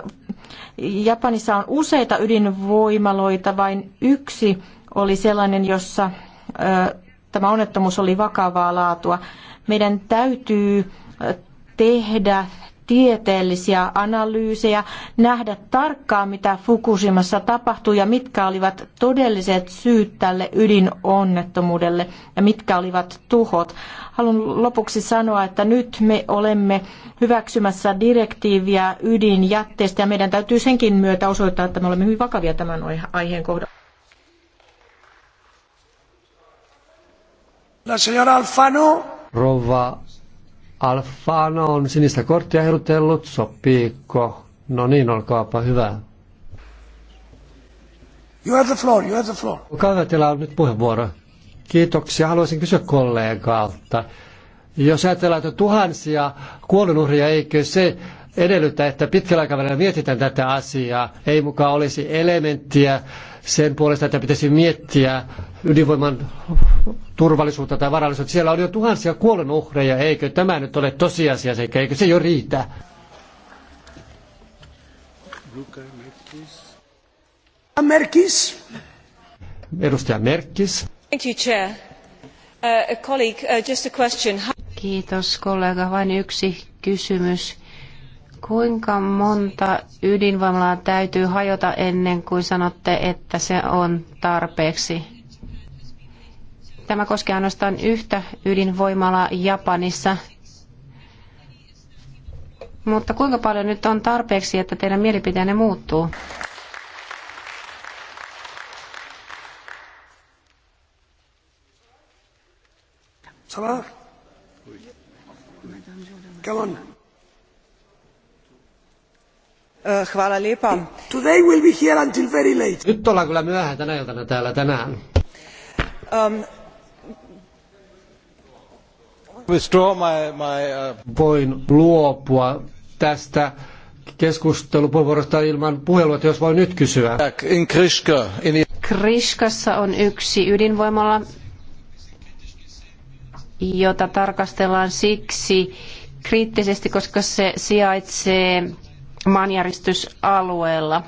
Japanissa on useita ydinvoimaloita, vain yksi oli sellainen, jossa äh, tämä onnettomuus oli vakavaa laatua. Meidän täytyy äh, tehdä tieteellisiä analyysejä, nähdä tarkkaan, mitä Fukushimassa tapahtui ja mitkä olivat todelliset syyt tälle ydinonnettomuudelle ja mitkä olivat tuhot. Haluan lopuksi sanoa, että nyt me olemme hyväksymässä direktiiviä ydinjätteestä ja meidän täytyy senkin myötä osoittaa, että me olemme hyvin vakavia tämän aiheen kohdalla. La señora Alfano. Rova Alfano on sinistä korttia herutellut. Sopiiko? No niin, olkaapa hyvä. You have the floor, you have the floor. Olkaa hyvä, teillä on nyt puheenvuoro. Kiitoksia. Haluaisin kysyä kollegalta. Jos ajatellaan, että tuhansia kuolinuhria, eikö se edellytä, että pitkällä aikavälillä mietitään tätä asiaa? Ei mukaan olisi elementtiä sen puolesta, että pitäisi miettiä ydinvoiman turvallisuutta tai varallisuutta. Siellä on jo tuhansia kuolonuhreja, eikö tämä nyt ole tosiasia, eikä eikö se jo riitä? Merkis. Edustaja Merkis. Thank you, Chair. Uh, colleague, uh, just a question. Kiitos kollega, vain yksi kysymys. Kuinka monta ydinvoimalaa täytyy hajota ennen kuin sanotte, että se on tarpeeksi? Tämä koskee ainoastaan yhtä ydinvoimalaa Japanissa. Mutta kuinka paljon nyt on tarpeeksi, että teidän mielipiteenne muuttuu? Come on. Eh, hvala lepa. Today we'll be here Nyt ollaan kyllä myöhään tänä iltana täällä tänään. Um, Withdraw my, my, uh... Voin luopua tästä keskustelupuheenvuorosta ilman puhelua, jos voi nyt kysyä. In Krishka, on yksi ydinvoimala, jota tarkastellaan siksi kriittisesti, koska se sijaitsee maanjäristysalueella.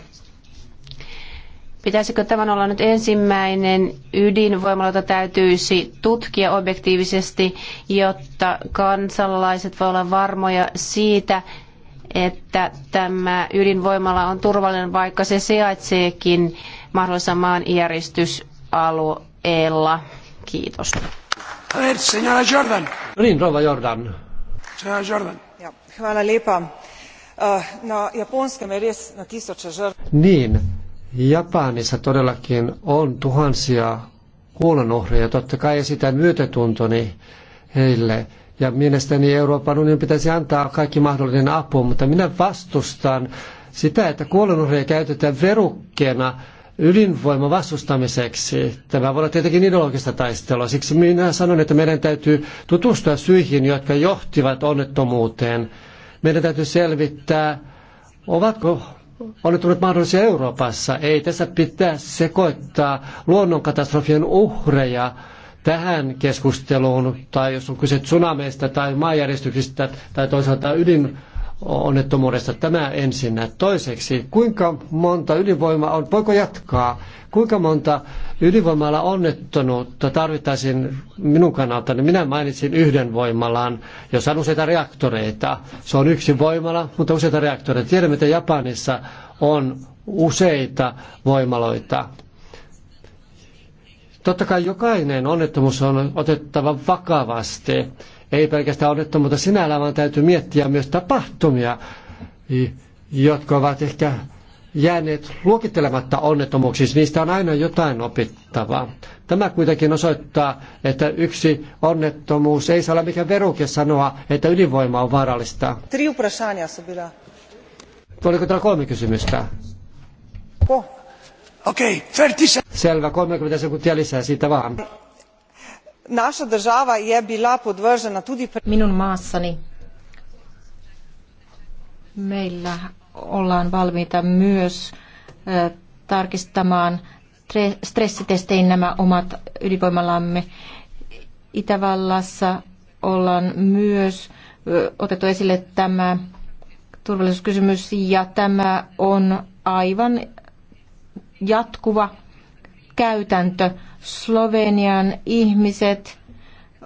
Pitäisikö tämän olla nyt ensimmäinen ydinvoimala, jota täytyisi tutkia objektiivisesti, jotta kansalaiset voivat olla varmoja siitä, että tämä ydinvoimala on turvallinen, vaikka se sijaitseekin mahdollisessa maanjäristysalueella. Kiitos. Señora Jordan. No niin, Rova Jordan. Señora Jordan. Ja, hvala lipa. Ah, na japonskem je res na tisoče Niin, Japanissa todellakin on tuhansia kuolonuhreja. Totta kai esitän myötätuntoni heille. Ja mielestäni Euroopan unionin pitäisi antaa kaikki mahdollinen apu, mutta minä vastustan sitä, että kuolonuhreja käytetään verukkeena ydinvoiman vastustamiseksi. Tämä voi olla tietenkin ideologista taistelua. Siksi minä sanon, että meidän täytyy tutustua syihin, jotka johtivat onnettomuuteen meidän täytyy selvittää, ovatko onnettomuudet mahdollisia Euroopassa. Ei tässä pitää sekoittaa luonnonkatastrofien uhreja tähän keskusteluun, tai jos on kyse tsunameista tai maanjäristyksistä tai toisaalta ydin onnettomuudesta. Tämä ensinnä. Toiseksi, kuinka monta ydinvoimaa on, voiko jatkaa? Kuinka monta ydinvoimalla onnettomuutta tarvittaisiin minun kannalta? Niin minä mainitsin yhden voimalan, jos on useita reaktoreita. Se on yksi voimala, mutta useita reaktoreita. Tiedämme, että Japanissa on useita voimaloita. Totta kai jokainen onnettomuus on otettava vakavasti ei pelkästään onnettomuutta sinällään, vaan täytyy miettiä myös tapahtumia, jotka ovat ehkä jääneet luokittelematta onnettomuuksiksi, siis niistä on aina jotain opittavaa. Tämä kuitenkin osoittaa, että yksi onnettomuus ei saa olla mikään veruke sanoa, että ydinvoima on vaarallista. Oliko täällä kolme kysymystä? Okei, okay, Selvä, 30 sekuntia lisää siitä vaan. Minun maassani meillä ollaan valmiita myös tarkistamaan stressitestein nämä omat ydinvoimalamme. Itävallassa ollaan myös otettu esille tämä turvallisuuskysymys ja tämä on aivan jatkuva käytäntö Slovenian ihmiset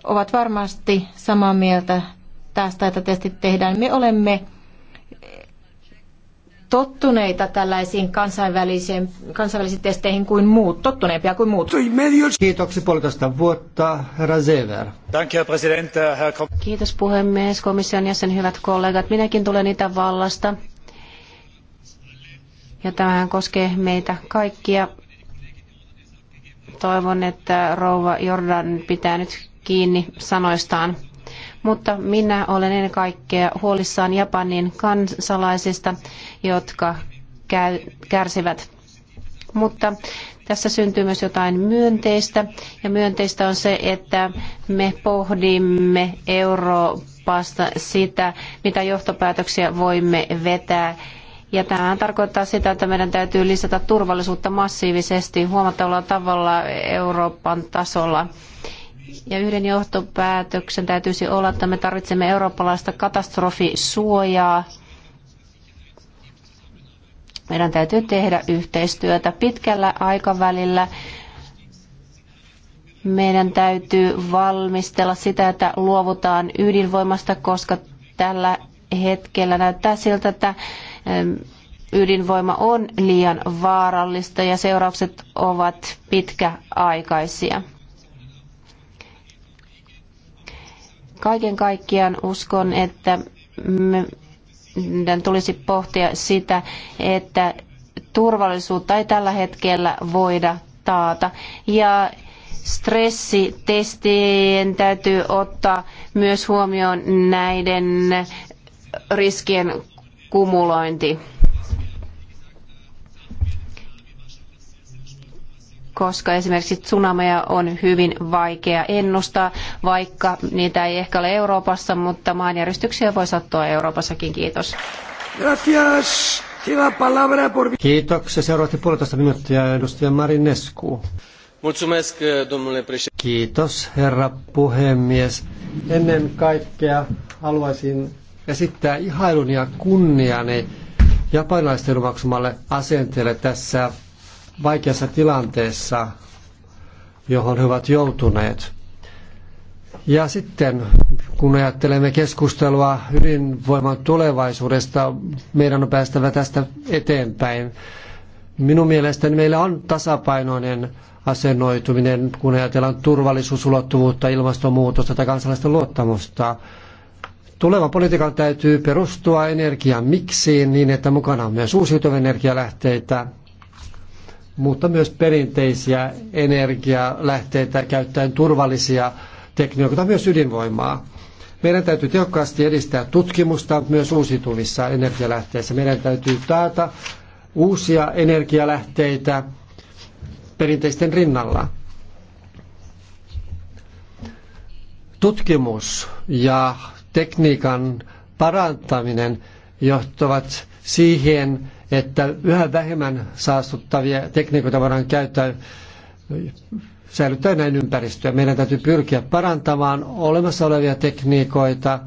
ovat varmasti samaa mieltä tästä, että testit tehdään. Me olemme tottuneita tällaisiin kansainvälisiin, kansainvälisiin testeihin kuin muut, tottuneempia kuin muut. Kiitoksia puolitoista vuotta, herra Zever. Kiitos puhemies, komission jäsen, hyvät kollegat. Minäkin tulen Itävallasta. Ja tämähän koskee meitä kaikkia toivon, että rouva Jordan pitää nyt kiinni sanoistaan. Mutta minä olen ennen kaikkea huolissaan Japanin kansalaisista, jotka kärsivät. Mutta tässä syntyy myös jotain myönteistä, ja myönteistä on se, että me pohdimme Euroopasta sitä, mitä johtopäätöksiä voimme vetää ja tämähän tarkoittaa sitä, että meidän täytyy lisätä turvallisuutta massiivisesti huomattavalla tavalla Euroopan tasolla. Ja yhden johtopäätöksen täytyisi olla, että me tarvitsemme eurooppalaista katastrofisuojaa. Meidän täytyy tehdä yhteistyötä pitkällä aikavälillä. Meidän täytyy valmistella sitä, että luovutaan ydinvoimasta, koska tällä hetkellä näyttää siltä, että ydinvoima on liian vaarallista ja seuraukset ovat pitkäaikaisia. Kaiken kaikkiaan uskon, että meidän tulisi pohtia sitä, että turvallisuutta ei tällä hetkellä voida taata. Ja stressitestien täytyy ottaa myös huomioon näiden riskien kumulointi. koska esimerkiksi tsunameja on hyvin vaikea ennustaa, vaikka niitä ei ehkä ole Euroopassa, mutta maanjäristyksiä voi sattua Euroopassakin. Kiitos. Gracias. Kiitoksia. Seuraavaksi puolitoista minuuttia edustaja Marinescu. Kiitos, herra puhemies. Ennen kaikkea haluaisin esittää ihailun ja kunniani japanilaisten omaksumalle asenteelle tässä vaikeassa tilanteessa, johon he ovat joutuneet. Ja sitten, kun ajattelemme keskustelua ydinvoiman tulevaisuudesta, meidän on päästävä tästä eteenpäin. Minun mielestäni meillä on tasapainoinen asennoituminen, kun ajatellaan turvallisuusulottuvuutta, ilmastonmuutosta tai kansalaisten luottamusta. Tulevan politiikan täytyy perustua energian miksiin niin, että mukana on myös uusiutuvia energialähteitä, mutta myös perinteisiä energialähteitä käyttäen turvallisia tekniikoita, myös ydinvoimaa. Meidän täytyy tehokkaasti edistää tutkimusta myös uusiutuvissa energialähteissä. Meidän täytyy taata uusia energialähteitä perinteisten rinnalla. Tutkimus ja tekniikan parantaminen johtavat siihen, että yhä vähemmän saastuttavia tekniikoita voidaan käyttää säilyttää näin ympäristöä. Meidän täytyy pyrkiä parantamaan olemassa olevia tekniikoita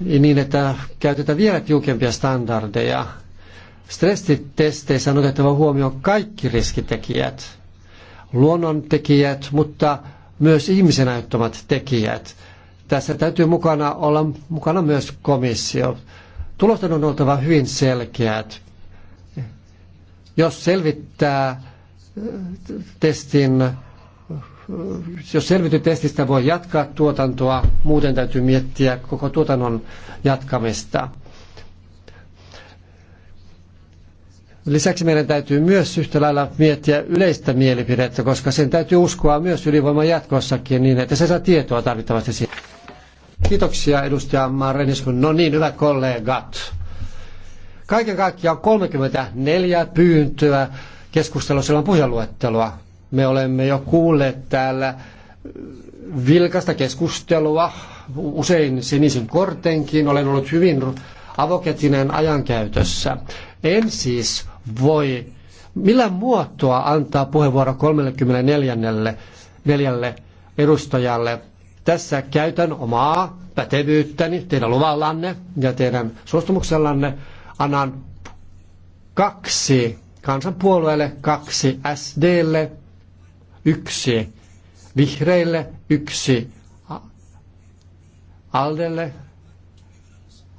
niin, että käytetään vielä tiukempia standardeja. Stressitesteissä on otettava huomioon kaikki riskitekijät, luonnontekijät, mutta myös ihmisen aiheuttamat tekijät. Tässä täytyy mukana olla mukana myös komissio. Tulosten on oltava hyvin selkeät. Jos selvittää äh, testin, äh, jos testistä voi jatkaa tuotantoa, muuten täytyy miettiä koko tuotannon jatkamista. Lisäksi meidän täytyy myös yhtä lailla miettiä yleistä mielipidettä, koska sen täytyy uskoa myös ylivoiman jatkossakin niin, että se saa tietoa tarvittavasti siitä. Kiitoksia edustaja Marenis. No niin, hyvät kollegat. Kaiken kaikkiaan 34 pyyntöä keskustelussa on puheenluettelua. Me olemme jo kuulleet täällä vilkasta keskustelua, usein sinisin kortenkin. Olen ollut hyvin avoketinen ajankäytössä. En siis voi millä muotoa antaa puheenvuoro 34 neljälle edustajalle tässä käytän omaa pätevyyttäni teidän luvallanne ja teidän suostumuksellanne. Annan kaksi kansanpuolueelle, kaksi SDlle, yksi vihreille, yksi Aldelle,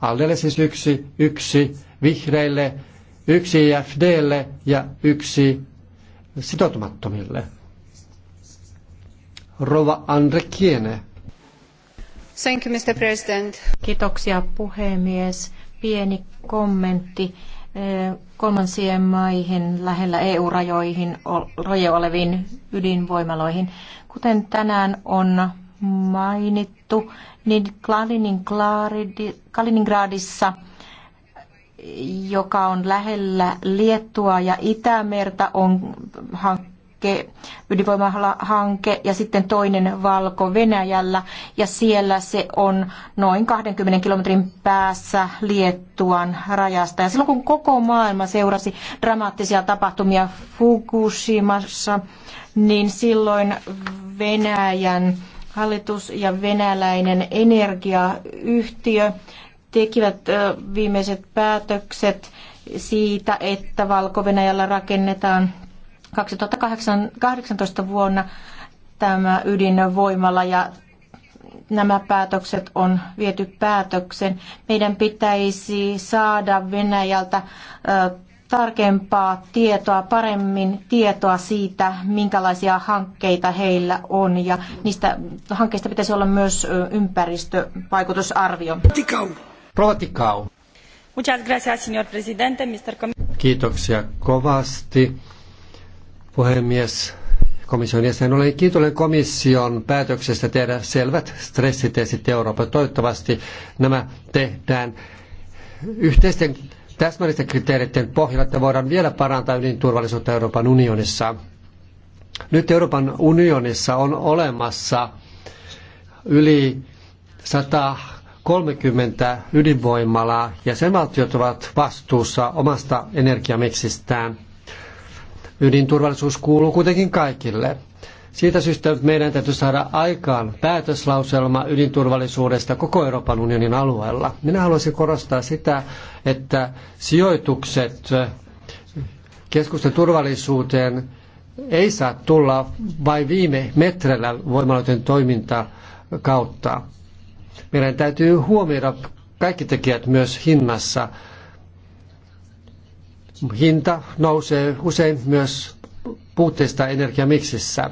Aldelle siis yksi, yksi vihreille, yksi FD:lle ja yksi sitoutumattomille. Rova Andre Kiene. Thank you, Mr. President. Kiitoksia puhemies. Pieni kommentti eh, kolmansien maihin lähellä EU-rajoihin oleviin ydinvoimaloihin. Kuten tänään on mainittu, niin Kaliningradissa, joka on lähellä Liettua ja Itämerta, on hankkeen hanke, ydinvoimahanke ja sitten toinen Valko-Venäjällä ja siellä se on noin 20 kilometrin päässä Liettuan rajasta. Ja silloin kun koko maailma seurasi dramaattisia tapahtumia Fukushimassa, niin silloin Venäjän hallitus ja venäläinen energiayhtiö tekivät viimeiset päätökset siitä, että valko rakennetaan 2018 vuonna tämä ydinvoimala ja nämä päätökset on viety päätöksen. Meidän pitäisi saada Venäjältä tarkempaa tietoa, paremmin tietoa siitä, minkälaisia hankkeita heillä on. Ja niistä hankkeista pitäisi olla myös ympäristövaikutusarvio. Kiitoksia kovasti puhemies, komission jäsen. Olen kiitollinen komission päätöksestä tehdä selvät stressitestit Euroopan. Toivottavasti nämä tehdään yhteisten täsmällisten kriteereiden pohjalta, että voidaan vielä parantaa ydinturvallisuutta Euroopan unionissa. Nyt Euroopan unionissa on olemassa yli 130 ydinvoimalaa. Jäsenvaltiot ovat vastuussa omasta energiamiksistään. Ydinturvallisuus kuuluu kuitenkin kaikille. Siitä syystä meidän täytyy saada aikaan päätöslauselma ydinturvallisuudesta koko Euroopan unionin alueella. Minä haluaisin korostaa sitä, että sijoitukset keskusten turvallisuuteen ei saa tulla vain viime metrellä voimaloiden toiminta kautta. Meidän täytyy huomioida kaikki tekijät myös hinnassa hinta nousee usein myös puutteista energiamiksissä.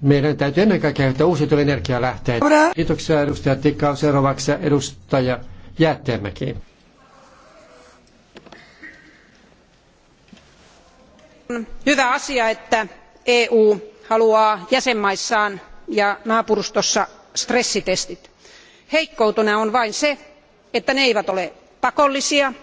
Meidän täytyy ennen kaikkea käyttää uusiutuvia energialähteitä. Kiitoksia edustaja Tikka. Seuraavaksi edustaja Jäätteenmäki. hyvä asia, että EU haluaa jäsenmaissaan ja naapurustossa stressitestit. Heikkoutena on vain se, että ne eivät ole pakollisia –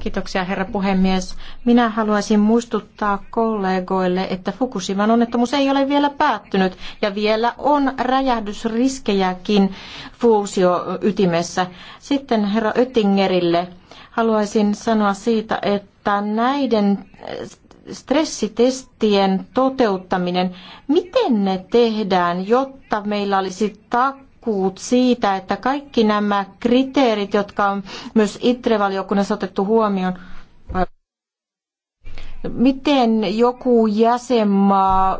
Kiitoksia, herra puhemies. Minä haluaisin muistuttaa kollegoille, että Fukushiman onnettomuus ei ole vielä päättynyt ja vielä on räjähdysriskejäkin fuusioytimessä. Sitten herra Oettingerille haluaisin sanoa siitä, että näiden stressitestien toteuttaminen, miten ne tehdään, jotta meillä olisi tak vakuut siitä, että kaikki nämä kriteerit, jotka on myös ITRE-valiokunnassa otettu huomioon, miten joku jäsenmaa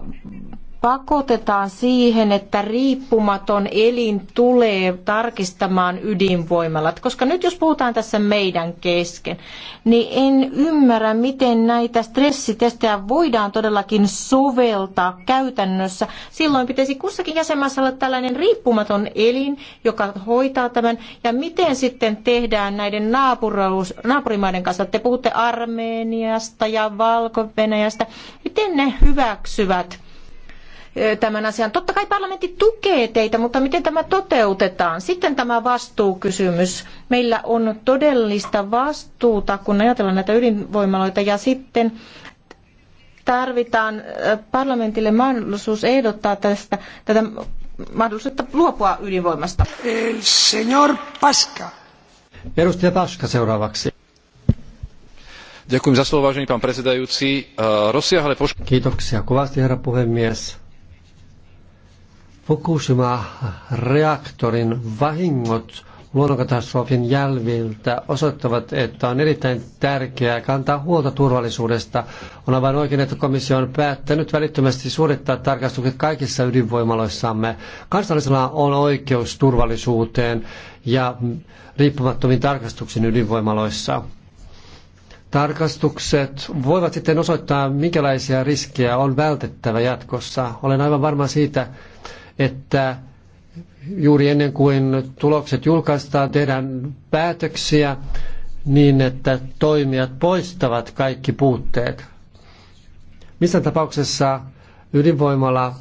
pakotetaan siihen, että riippumaton elin tulee tarkistamaan ydinvoimalat. Koska nyt jos puhutaan tässä meidän kesken, niin en ymmärrä, miten näitä stressitestejä voidaan todellakin soveltaa käytännössä. Silloin pitäisi kussakin jäsenmaassa olla tällainen riippumaton elin, joka hoitaa tämän. Ja miten sitten tehdään näiden naapurimaiden kanssa? Te puhutte Armeniasta ja Valko-Venäjästä. Miten ne hyväksyvät? tämän asian. Totta kai parlamentti tukee teitä, mutta miten tämä toteutetaan? Sitten tämä vastuukysymys. Meillä on todellista vastuuta, kun ajatellaan näitä ydinvoimaloita ja sitten tarvitaan parlamentille mahdollisuus ehdottaa tästä, tätä mahdollisuutta luopua ydinvoimasta. El señor Paska. Edustaja Paska seuraavaksi. Ďakujem za slovo, vážený pán predsedajúci. Rozsiahle poš- Kiitoksia kovasti, herra puhemies. Fukushima-reaktorin vahingot luonnonkatastrofin jälviltä osoittavat, että on erittäin tärkeää kantaa huolta turvallisuudesta. On aivan oikein, että komissio on päättänyt välittömästi suorittaa tarkastukset kaikissa ydinvoimaloissamme. Kansallisella on oikeus turvallisuuteen ja riippumattomiin tarkastuksiin ydinvoimaloissa. Tarkastukset voivat sitten osoittaa, minkälaisia riskejä on vältettävä jatkossa. Olen aivan varma siitä, että juuri ennen kuin tulokset julkaistaan, tehdään päätöksiä niin, että toimijat poistavat kaikki puutteet. Missä tapauksessa ydinvoimala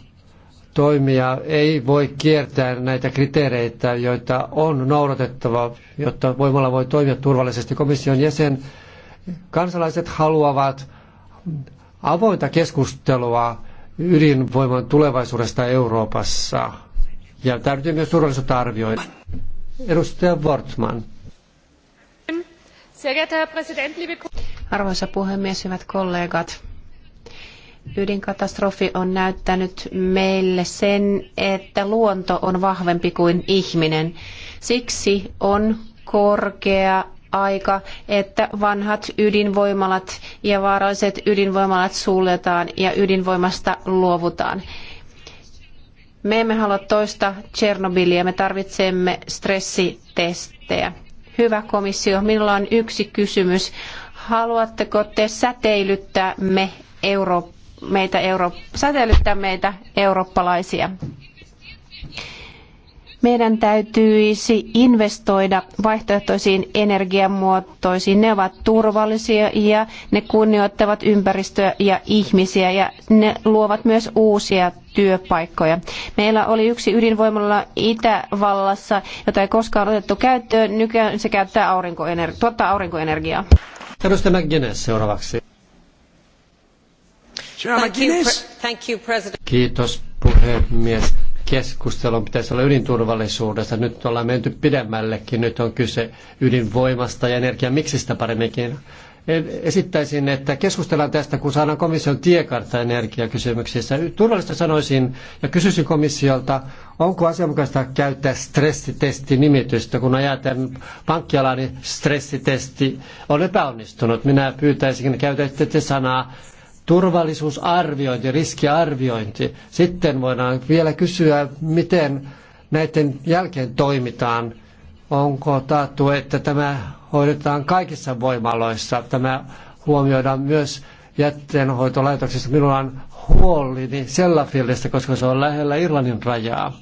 toimija ei voi kiertää näitä kriteereitä, joita on noudatettava, jotta voimalla voi toimia turvallisesti. Komission jäsen kansalaiset haluavat avointa keskustelua ydinvoiman tulevaisuudesta Euroopassa. Ja täytyy myös turvallisuutta arvioida. Edustaja Wortman. Arvoisa puhemies, hyvät kollegat. Ydinkatastrofi on näyttänyt meille sen, että luonto on vahvempi kuin ihminen. Siksi on korkea aika, että vanhat ydinvoimalat ja vaaralliset ydinvoimalat suljetaan ja ydinvoimasta luovutaan. Me emme halua toista Tsernobyliä, me tarvitsemme stressitestejä. Hyvä komissio, minulla on yksi kysymys. Haluatteko te säteilyttää me Euro, meitä Euro, säteilyttää meitä eurooppalaisia? meidän täytyisi investoida vaihtoehtoisiin energiamuotoisiin. Ne ovat turvallisia ja ne kunnioittavat ympäristöä ja ihmisiä ja ne luovat myös uusia työpaikkoja. Meillä oli yksi ydinvoimalla Itävallassa, jota ei koskaan otettu käyttöön. Nykyään se käyttää tuottaa aurinkoenergiaa. Edustaja McGuinness seuraavaksi. Thank you, Kiitos puhemies keskustelun pitäisi olla ydinturvallisuudesta. Nyt ollaan menty pidemmällekin. Nyt on kyse ydinvoimasta ja energiamiksistä paremminkin. Esittäisin, että keskustellaan tästä, kun saadaan komission tiekartta energiakysymyksissä. Turvallista sanoisin ja kysyisin komissiolta, onko asianmukaista käyttää stressitesti-nimitystä, kun ajatellaan pankkialani niin stressitesti on epäonnistunut. Minä pyytäisin, että käytätte sanaa turvallisuusarviointi, riskiarviointi. Sitten voidaan vielä kysyä, miten näiden jälkeen toimitaan. Onko taattu, että tämä hoidetaan kaikissa voimaloissa? Tämä huomioidaan myös jätteenhoitolaitoksessa. Minulla on huolini Sellafieldistä, koska se on lähellä Irlannin rajaa.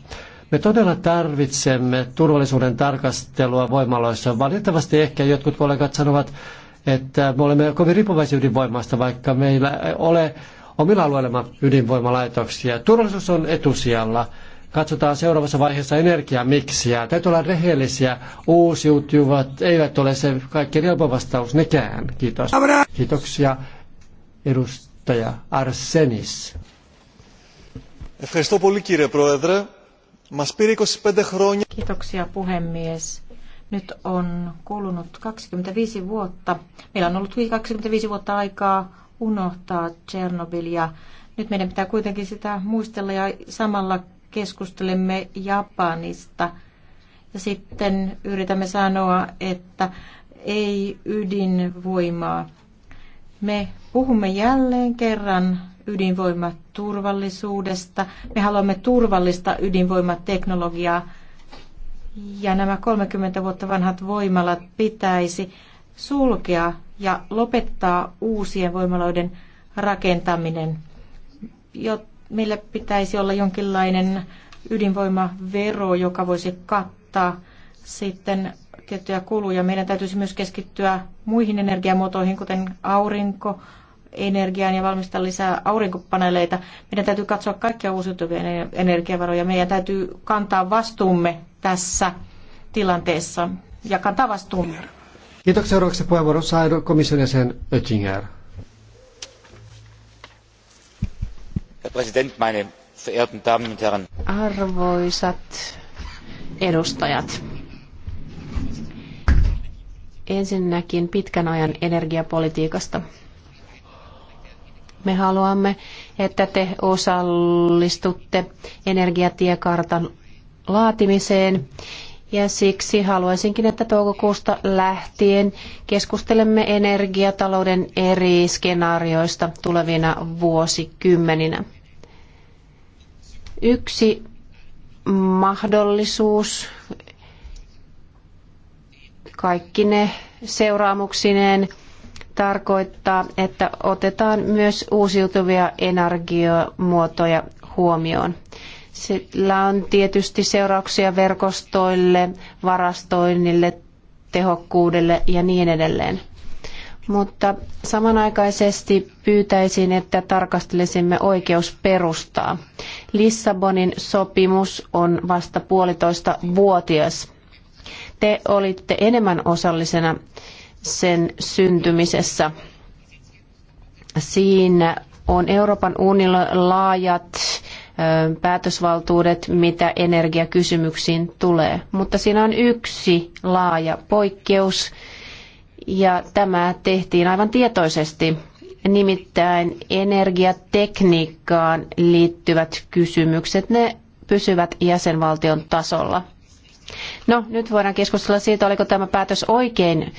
Me todella tarvitsemme turvallisuuden tarkastelua voimaloissa. Valitettavasti ehkä jotkut kollegat sanovat, että me olemme kovin riippuvaisia ydinvoimasta, vaikka meillä ei ole omilla alueillamme ydinvoimalaitoksia. Turvallisuus on etusijalla. Katsotaan seuraavassa vaiheessa energiamiksiä. Täytyy olla rehellisiä. Uusiutuvat eivät ole se kaikkein helpo vastaus nekään. Kiitos. Kiitoksia edustaja Arsenis. Kiitoksia puhemies. Nyt on kulunut 25 vuotta. Meillä on ollut 25 vuotta aikaa unohtaa Tchernobyl ja nyt meidän pitää kuitenkin sitä muistella ja samalla keskustelemme Japanista. Ja sitten yritämme sanoa, että ei ydinvoimaa. Me puhumme jälleen kerran ydinvoimaturvallisuudesta. Me haluamme turvallista ydinvoimateknologiaa ja nämä 30 vuotta vanhat voimalat pitäisi sulkea ja lopettaa uusien voimaloiden rakentaminen. Jo, meillä pitäisi olla jonkinlainen ydinvoimavero, joka voisi kattaa sitten tiettyjä kuluja. Meidän täytyisi myös keskittyä muihin energiamuotoihin, kuten aurinko, energiaan ja valmistaa lisää aurinkopaneeleita. Meidän täytyy katsoa kaikkia uusiutuvia energiavaroja. Meidän täytyy kantaa vastuumme tässä tilanteessa ja kantaa vastuun. Kiitoksia. Seuraavaksi puheenvuoron saa komission jäsen Oettinger. Herr Präsident, meine verehrten Damen und Herren. Arvoisat edustajat. Ensinnäkin pitkän ajan energiapolitiikasta. Me haluamme, että te osallistutte energiatiekartan laatimiseen. Ja siksi haluaisinkin, että toukokuusta lähtien keskustelemme energiatalouden eri skenaarioista tulevina vuosikymmeninä. Yksi mahdollisuus kaikki ne seuraamuksineen tarkoittaa, että otetaan myös uusiutuvia energiamuotoja huomioon. Sillä on tietysti seurauksia verkostoille, varastoinnille, tehokkuudelle ja niin edelleen. Mutta samanaikaisesti pyytäisin, että tarkastelisimme oikeusperustaa. Lissabonin sopimus on vasta puolitoista vuotias. Te olitte enemmän osallisena sen syntymisessä. Siinä on Euroopan unionin laajat päätösvaltuudet, mitä energiakysymyksiin tulee. Mutta siinä on yksi laaja poikkeus, ja tämä tehtiin aivan tietoisesti. Nimittäin energiatekniikkaan liittyvät kysymykset, ne pysyvät jäsenvaltion tasolla. No, nyt voidaan keskustella siitä, oliko tämä päätös oikein,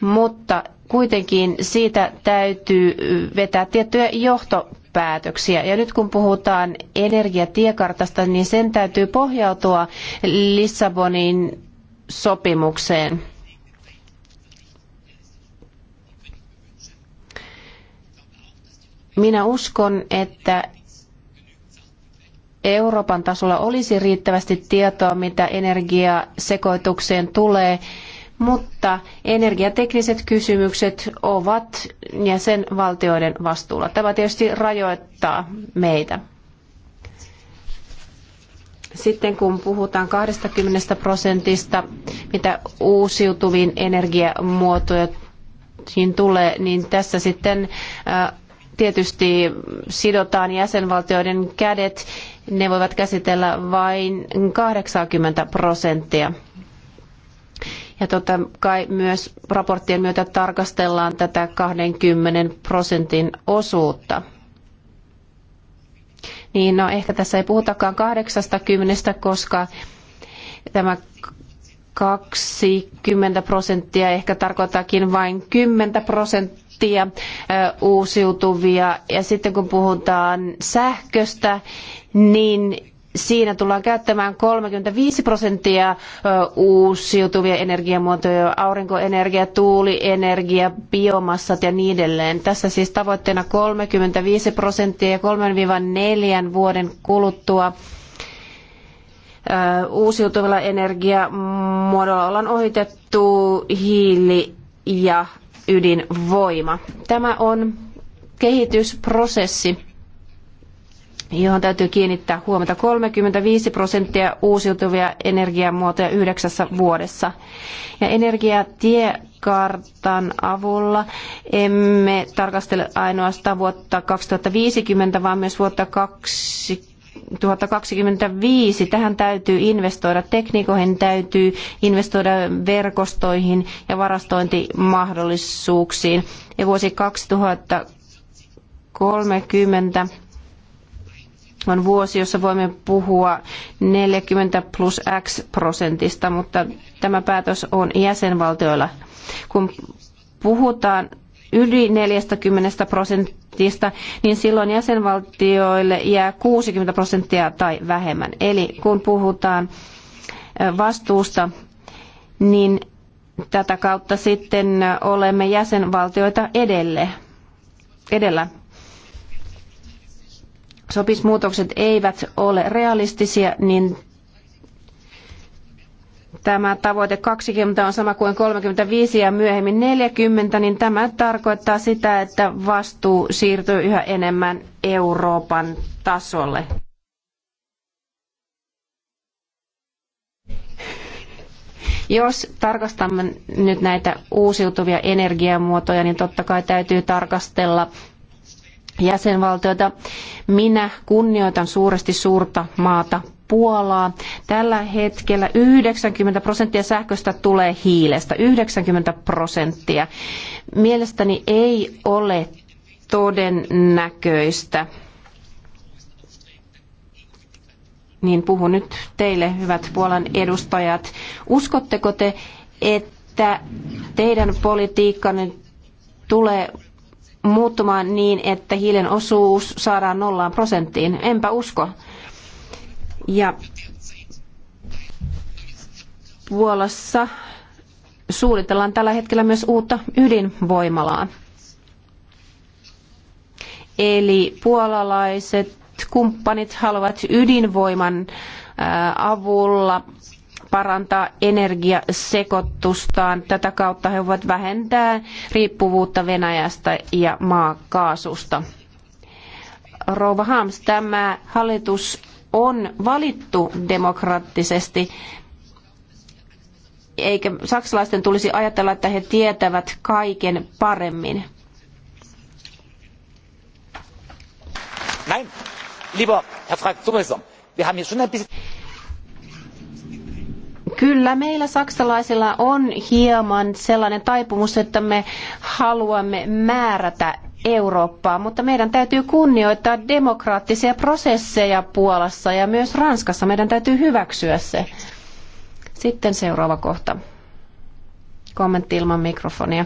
mutta kuitenkin siitä täytyy vetää tiettyjä johto päätöksiä. Ja nyt kun puhutaan energiatiekartasta, niin sen täytyy pohjautua Lissabonin sopimukseen. Minä uskon, että Euroopan tasolla olisi riittävästi tietoa, mitä energiasekoitukseen tulee, mutta energiatekniset kysymykset ovat jäsenvaltioiden vastuulla. Tämä tietysti rajoittaa meitä. Sitten kun puhutaan 20 prosentista, mitä uusiutuviin energiamuotoihin tulee, niin tässä sitten tietysti sidotaan jäsenvaltioiden kädet. Ne voivat käsitellä vain 80 prosenttia ja totta kai myös raporttien myötä tarkastellaan tätä 20 prosentin osuutta. Niin no ehkä tässä ei puhutakaan 80, koska tämä 20 prosenttia ehkä tarkoittaakin vain 10 prosenttia uusiutuvia. Ja sitten kun puhutaan sähköstä, niin siinä tullaan käyttämään 35 prosenttia uusiutuvia energiamuotoja, aurinkoenergia, tuulienergia, biomassat ja niin edelleen. Tässä siis tavoitteena 35 prosenttia ja 3-4 vuoden kuluttua uusiutuvilla energiamuodoilla ollaan ohitettu hiili ja ydinvoima. Tämä on kehitysprosessi johon täytyy kiinnittää huomiota. 35 prosenttia uusiutuvia energiamuotoja yhdeksässä vuodessa. Ja energiatiekartan avulla emme tarkastele ainoastaan vuotta 2050, vaan myös vuotta 2025. Tähän täytyy investoida tekniikoihin, täytyy investoida verkostoihin ja varastointimahdollisuuksiin. Ja vuosi 2030 on vuosi, jossa voimme puhua 40 plus X prosentista, mutta tämä päätös on jäsenvaltioilla. Kun puhutaan yli 40 prosentista, niin silloin jäsenvaltioille jää 60 prosenttia tai vähemmän. Eli kun puhutaan vastuusta, niin tätä kautta sitten olemme jäsenvaltioita edelle, edellä sopismuutokset eivät ole realistisia, niin tämä tavoite 20 on sama kuin 35 ja myöhemmin 40, niin tämä tarkoittaa sitä, että vastuu siirtyy yhä enemmän Euroopan tasolle. Jos tarkastamme nyt näitä uusiutuvia energiamuotoja, niin totta kai täytyy tarkastella jäsenvaltiota. Minä kunnioitan suuresti suurta maata Puolaa. Tällä hetkellä 90 prosenttia sähköstä tulee hiilestä. 90 prosenttia. Mielestäni ei ole todennäköistä. Niin puhun nyt teille, hyvät Puolan edustajat. Uskotteko te, että teidän politiikkanne tulee muuttumaan niin, että hiilen osuus saadaan nollaan prosenttiin. Enpä usko. Ja Puolassa suunnitellaan tällä hetkellä myös uutta ydinvoimalaa. Eli puolalaiset kumppanit haluavat ydinvoiman avulla parantaa energiasekoitustaan. Tätä kautta he voivat vähentää riippuvuutta Venäjästä ja maakaasusta. Rouva Hams, tämä hallitus on valittu demokraattisesti, eikä saksalaisten tulisi ajatella, että he tietävät kaiken paremmin. Nein, lieber Herr Fraktionsvorsitzender, wir haben hier schon ein bisschen... Kyllä meillä saksalaisilla on hieman sellainen taipumus, että me haluamme määrätä Eurooppaa, mutta meidän täytyy kunnioittaa demokraattisia prosesseja Puolassa ja myös Ranskassa. Meidän täytyy hyväksyä se. Sitten seuraava kohta. Kommentti ilman mikrofonia.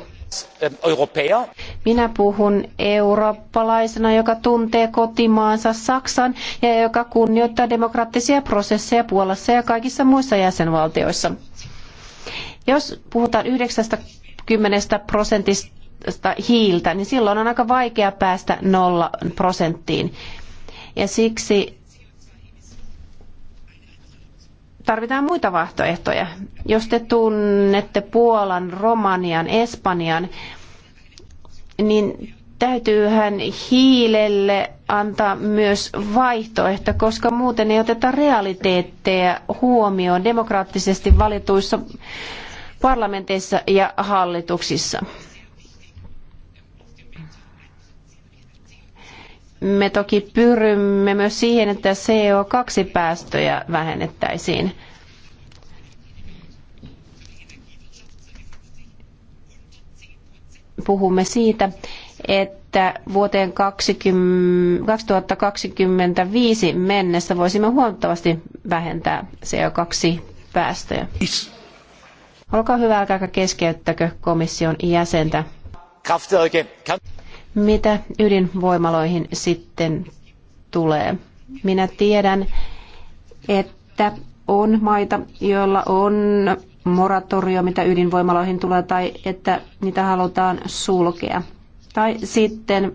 Minä puhun eurooppalaisena, joka tuntee kotimaansa Saksan ja joka kunnioittaa demokraattisia prosesseja Puolassa ja kaikissa muissa jäsenvaltioissa. Jos puhutaan 90 prosentista hiiltä, niin silloin on aika vaikea päästä nolla prosenttiin. Ja siksi tarvitaan muita vaihtoehtoja. Jos te tunnette Puolan, Romanian, Espanjan, niin täytyyhän hiilelle antaa myös vaihtoehto, koska muuten ei oteta realiteetteja huomioon demokraattisesti valituissa parlamenteissa ja hallituksissa. Me toki pyrimme myös siihen, että CO2-päästöjä vähennettäisiin. Puhumme siitä, että vuoteen 20, 2025 mennessä voisimme huomattavasti vähentää CO2-päästöjä. Olkaa hyvä, älkääkä keskeyttäkö komission jäsentä. Kraftwerke. Mitä ydinvoimaloihin sitten tulee? Minä tiedän, että on maita, joilla on moratorio, mitä ydinvoimaloihin tulee, tai että niitä halutaan sulkea. Tai sitten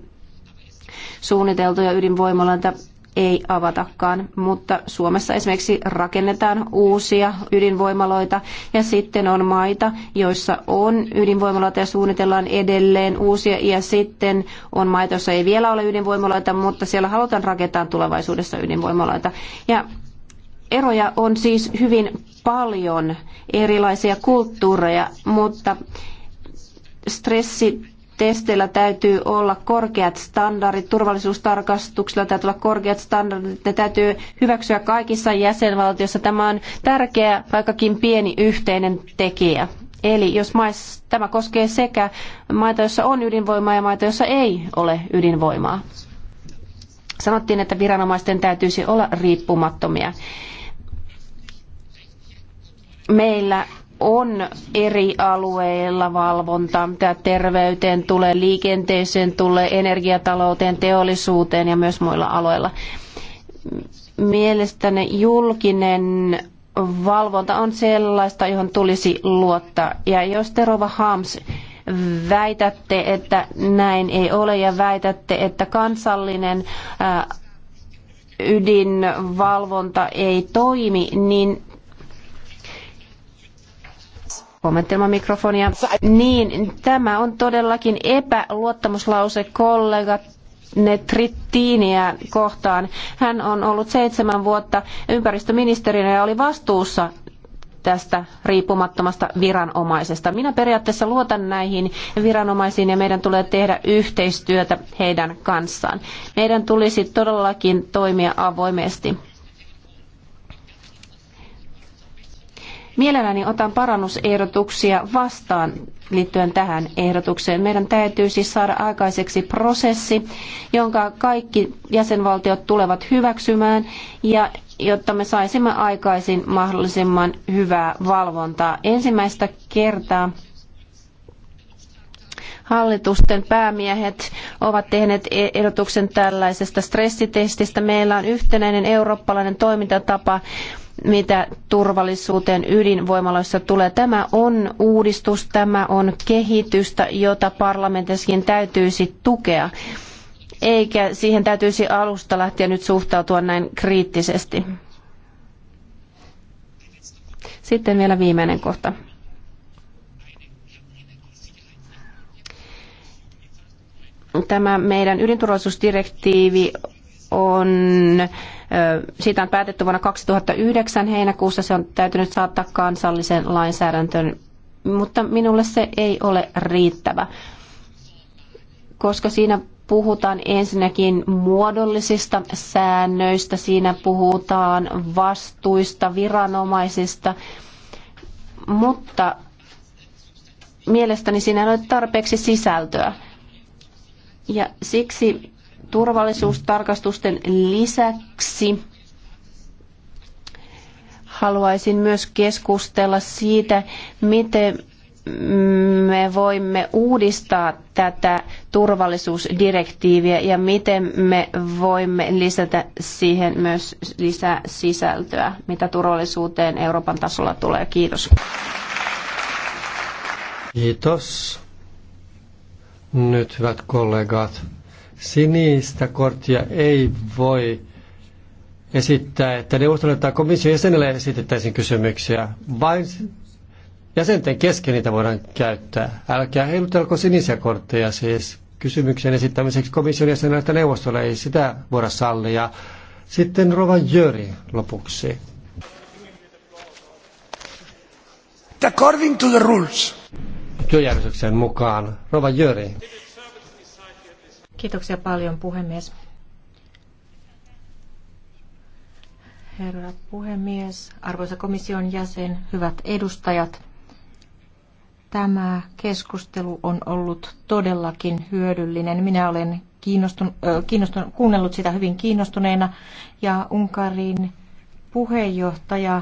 suunniteltuja ydinvoimaloita ei avatakaan, mutta Suomessa esimerkiksi rakennetaan uusia ydinvoimaloita ja sitten on maita, joissa on ydinvoimaloita ja suunnitellaan edelleen uusia ja sitten on maita, joissa ei vielä ole ydinvoimaloita, mutta siellä halutaan rakentaa tulevaisuudessa ydinvoimaloita. Ja eroja on siis hyvin paljon erilaisia kulttuureja, mutta stressi testeillä täytyy olla korkeat standardit, turvallisuustarkastuksilla täytyy olla korkeat standardit, ne täytyy hyväksyä kaikissa jäsenvaltioissa. Tämä on tärkeä, vaikkakin pieni yhteinen tekijä. Eli jos mais, tämä koskee sekä maita, joissa on ydinvoimaa ja maita, joissa ei ole ydinvoimaa. Sanottiin, että viranomaisten täytyisi olla riippumattomia. Meillä on eri alueilla valvontaa, mitä terveyteen tulee, liikenteeseen tulee, energiatalouteen, teollisuuteen ja myös muilla aloilla. Mielestäni julkinen valvonta on sellaista, johon tulisi luottaa. Ja jos te Hams väitätte, että näin ei ole ja väitätte, että kansallinen ydinvalvonta ei toimi, niin Kommentti mikrofonia. Niin, tämä on todellakin epäluottamuslause kollega, ne kohtaan. Hän on ollut seitsemän vuotta ympäristöministerinä ja oli vastuussa tästä riippumattomasta viranomaisesta. Minä periaatteessa luotan näihin viranomaisiin ja meidän tulee tehdä yhteistyötä heidän kanssaan. Meidän tulisi todellakin toimia avoimesti. Mielelläni otan parannusehdotuksia vastaan liittyen tähän ehdotukseen. Meidän täytyy siis saada aikaiseksi prosessi, jonka kaikki jäsenvaltiot tulevat hyväksymään ja jotta me saisimme aikaisin mahdollisimman hyvää valvontaa. Ensimmäistä kertaa hallitusten päämiehet ovat tehneet e- ehdotuksen tällaisesta stressitestistä. Meillä on yhtenäinen eurooppalainen toimintatapa, mitä turvallisuuteen ydinvoimaloissa tulee. Tämä on uudistus, tämä on kehitystä, jota parlamentissakin täytyisi tukea, eikä siihen täytyisi alusta lähtien nyt suhtautua näin kriittisesti. Sitten vielä viimeinen kohta. Tämä meidän ydinturvallisuusdirektiivi on siitä on päätetty vuonna 2009 heinäkuussa. Se on täytynyt saattaa kansalliseen lainsäädäntöön, mutta minulle se ei ole riittävä, koska siinä puhutaan ensinnäkin muodollisista säännöistä, siinä puhutaan vastuista, viranomaisista, mutta mielestäni siinä ei ole tarpeeksi sisältöä. Ja siksi turvallisuustarkastusten lisäksi haluaisin myös keskustella siitä, miten me voimme uudistaa tätä turvallisuusdirektiiviä ja miten me voimme lisätä siihen myös lisää sisältöä, mitä turvallisuuteen Euroopan tasolla tulee. Kiitos. Kiitos. Nyt hyvät kollegat, Sinistä korttia ei voi esittää, että neuvostolle tai komission jäsenelle esitettäisiin kysymyksiä. Vain jäsenten kesken niitä voidaan käyttää. Älkää heilutelko sinisiä kortteja siis kysymyksen esittämiseksi komission jäsenelle tai neuvostolle. Ei sitä voida sallia. Sitten Rova Jöri lopuksi. According to the rules. Työjärjestyksen mukaan. Rova Jöri. Kiitoksia paljon puhemies. Herra puhemies, arvoisa komission jäsen, hyvät edustajat. Tämä keskustelu on ollut todellakin hyödyllinen. Minä olen kiinnostun, kiinnostun, kuunnellut sitä hyvin kiinnostuneena ja Unkarin puheenjohtaja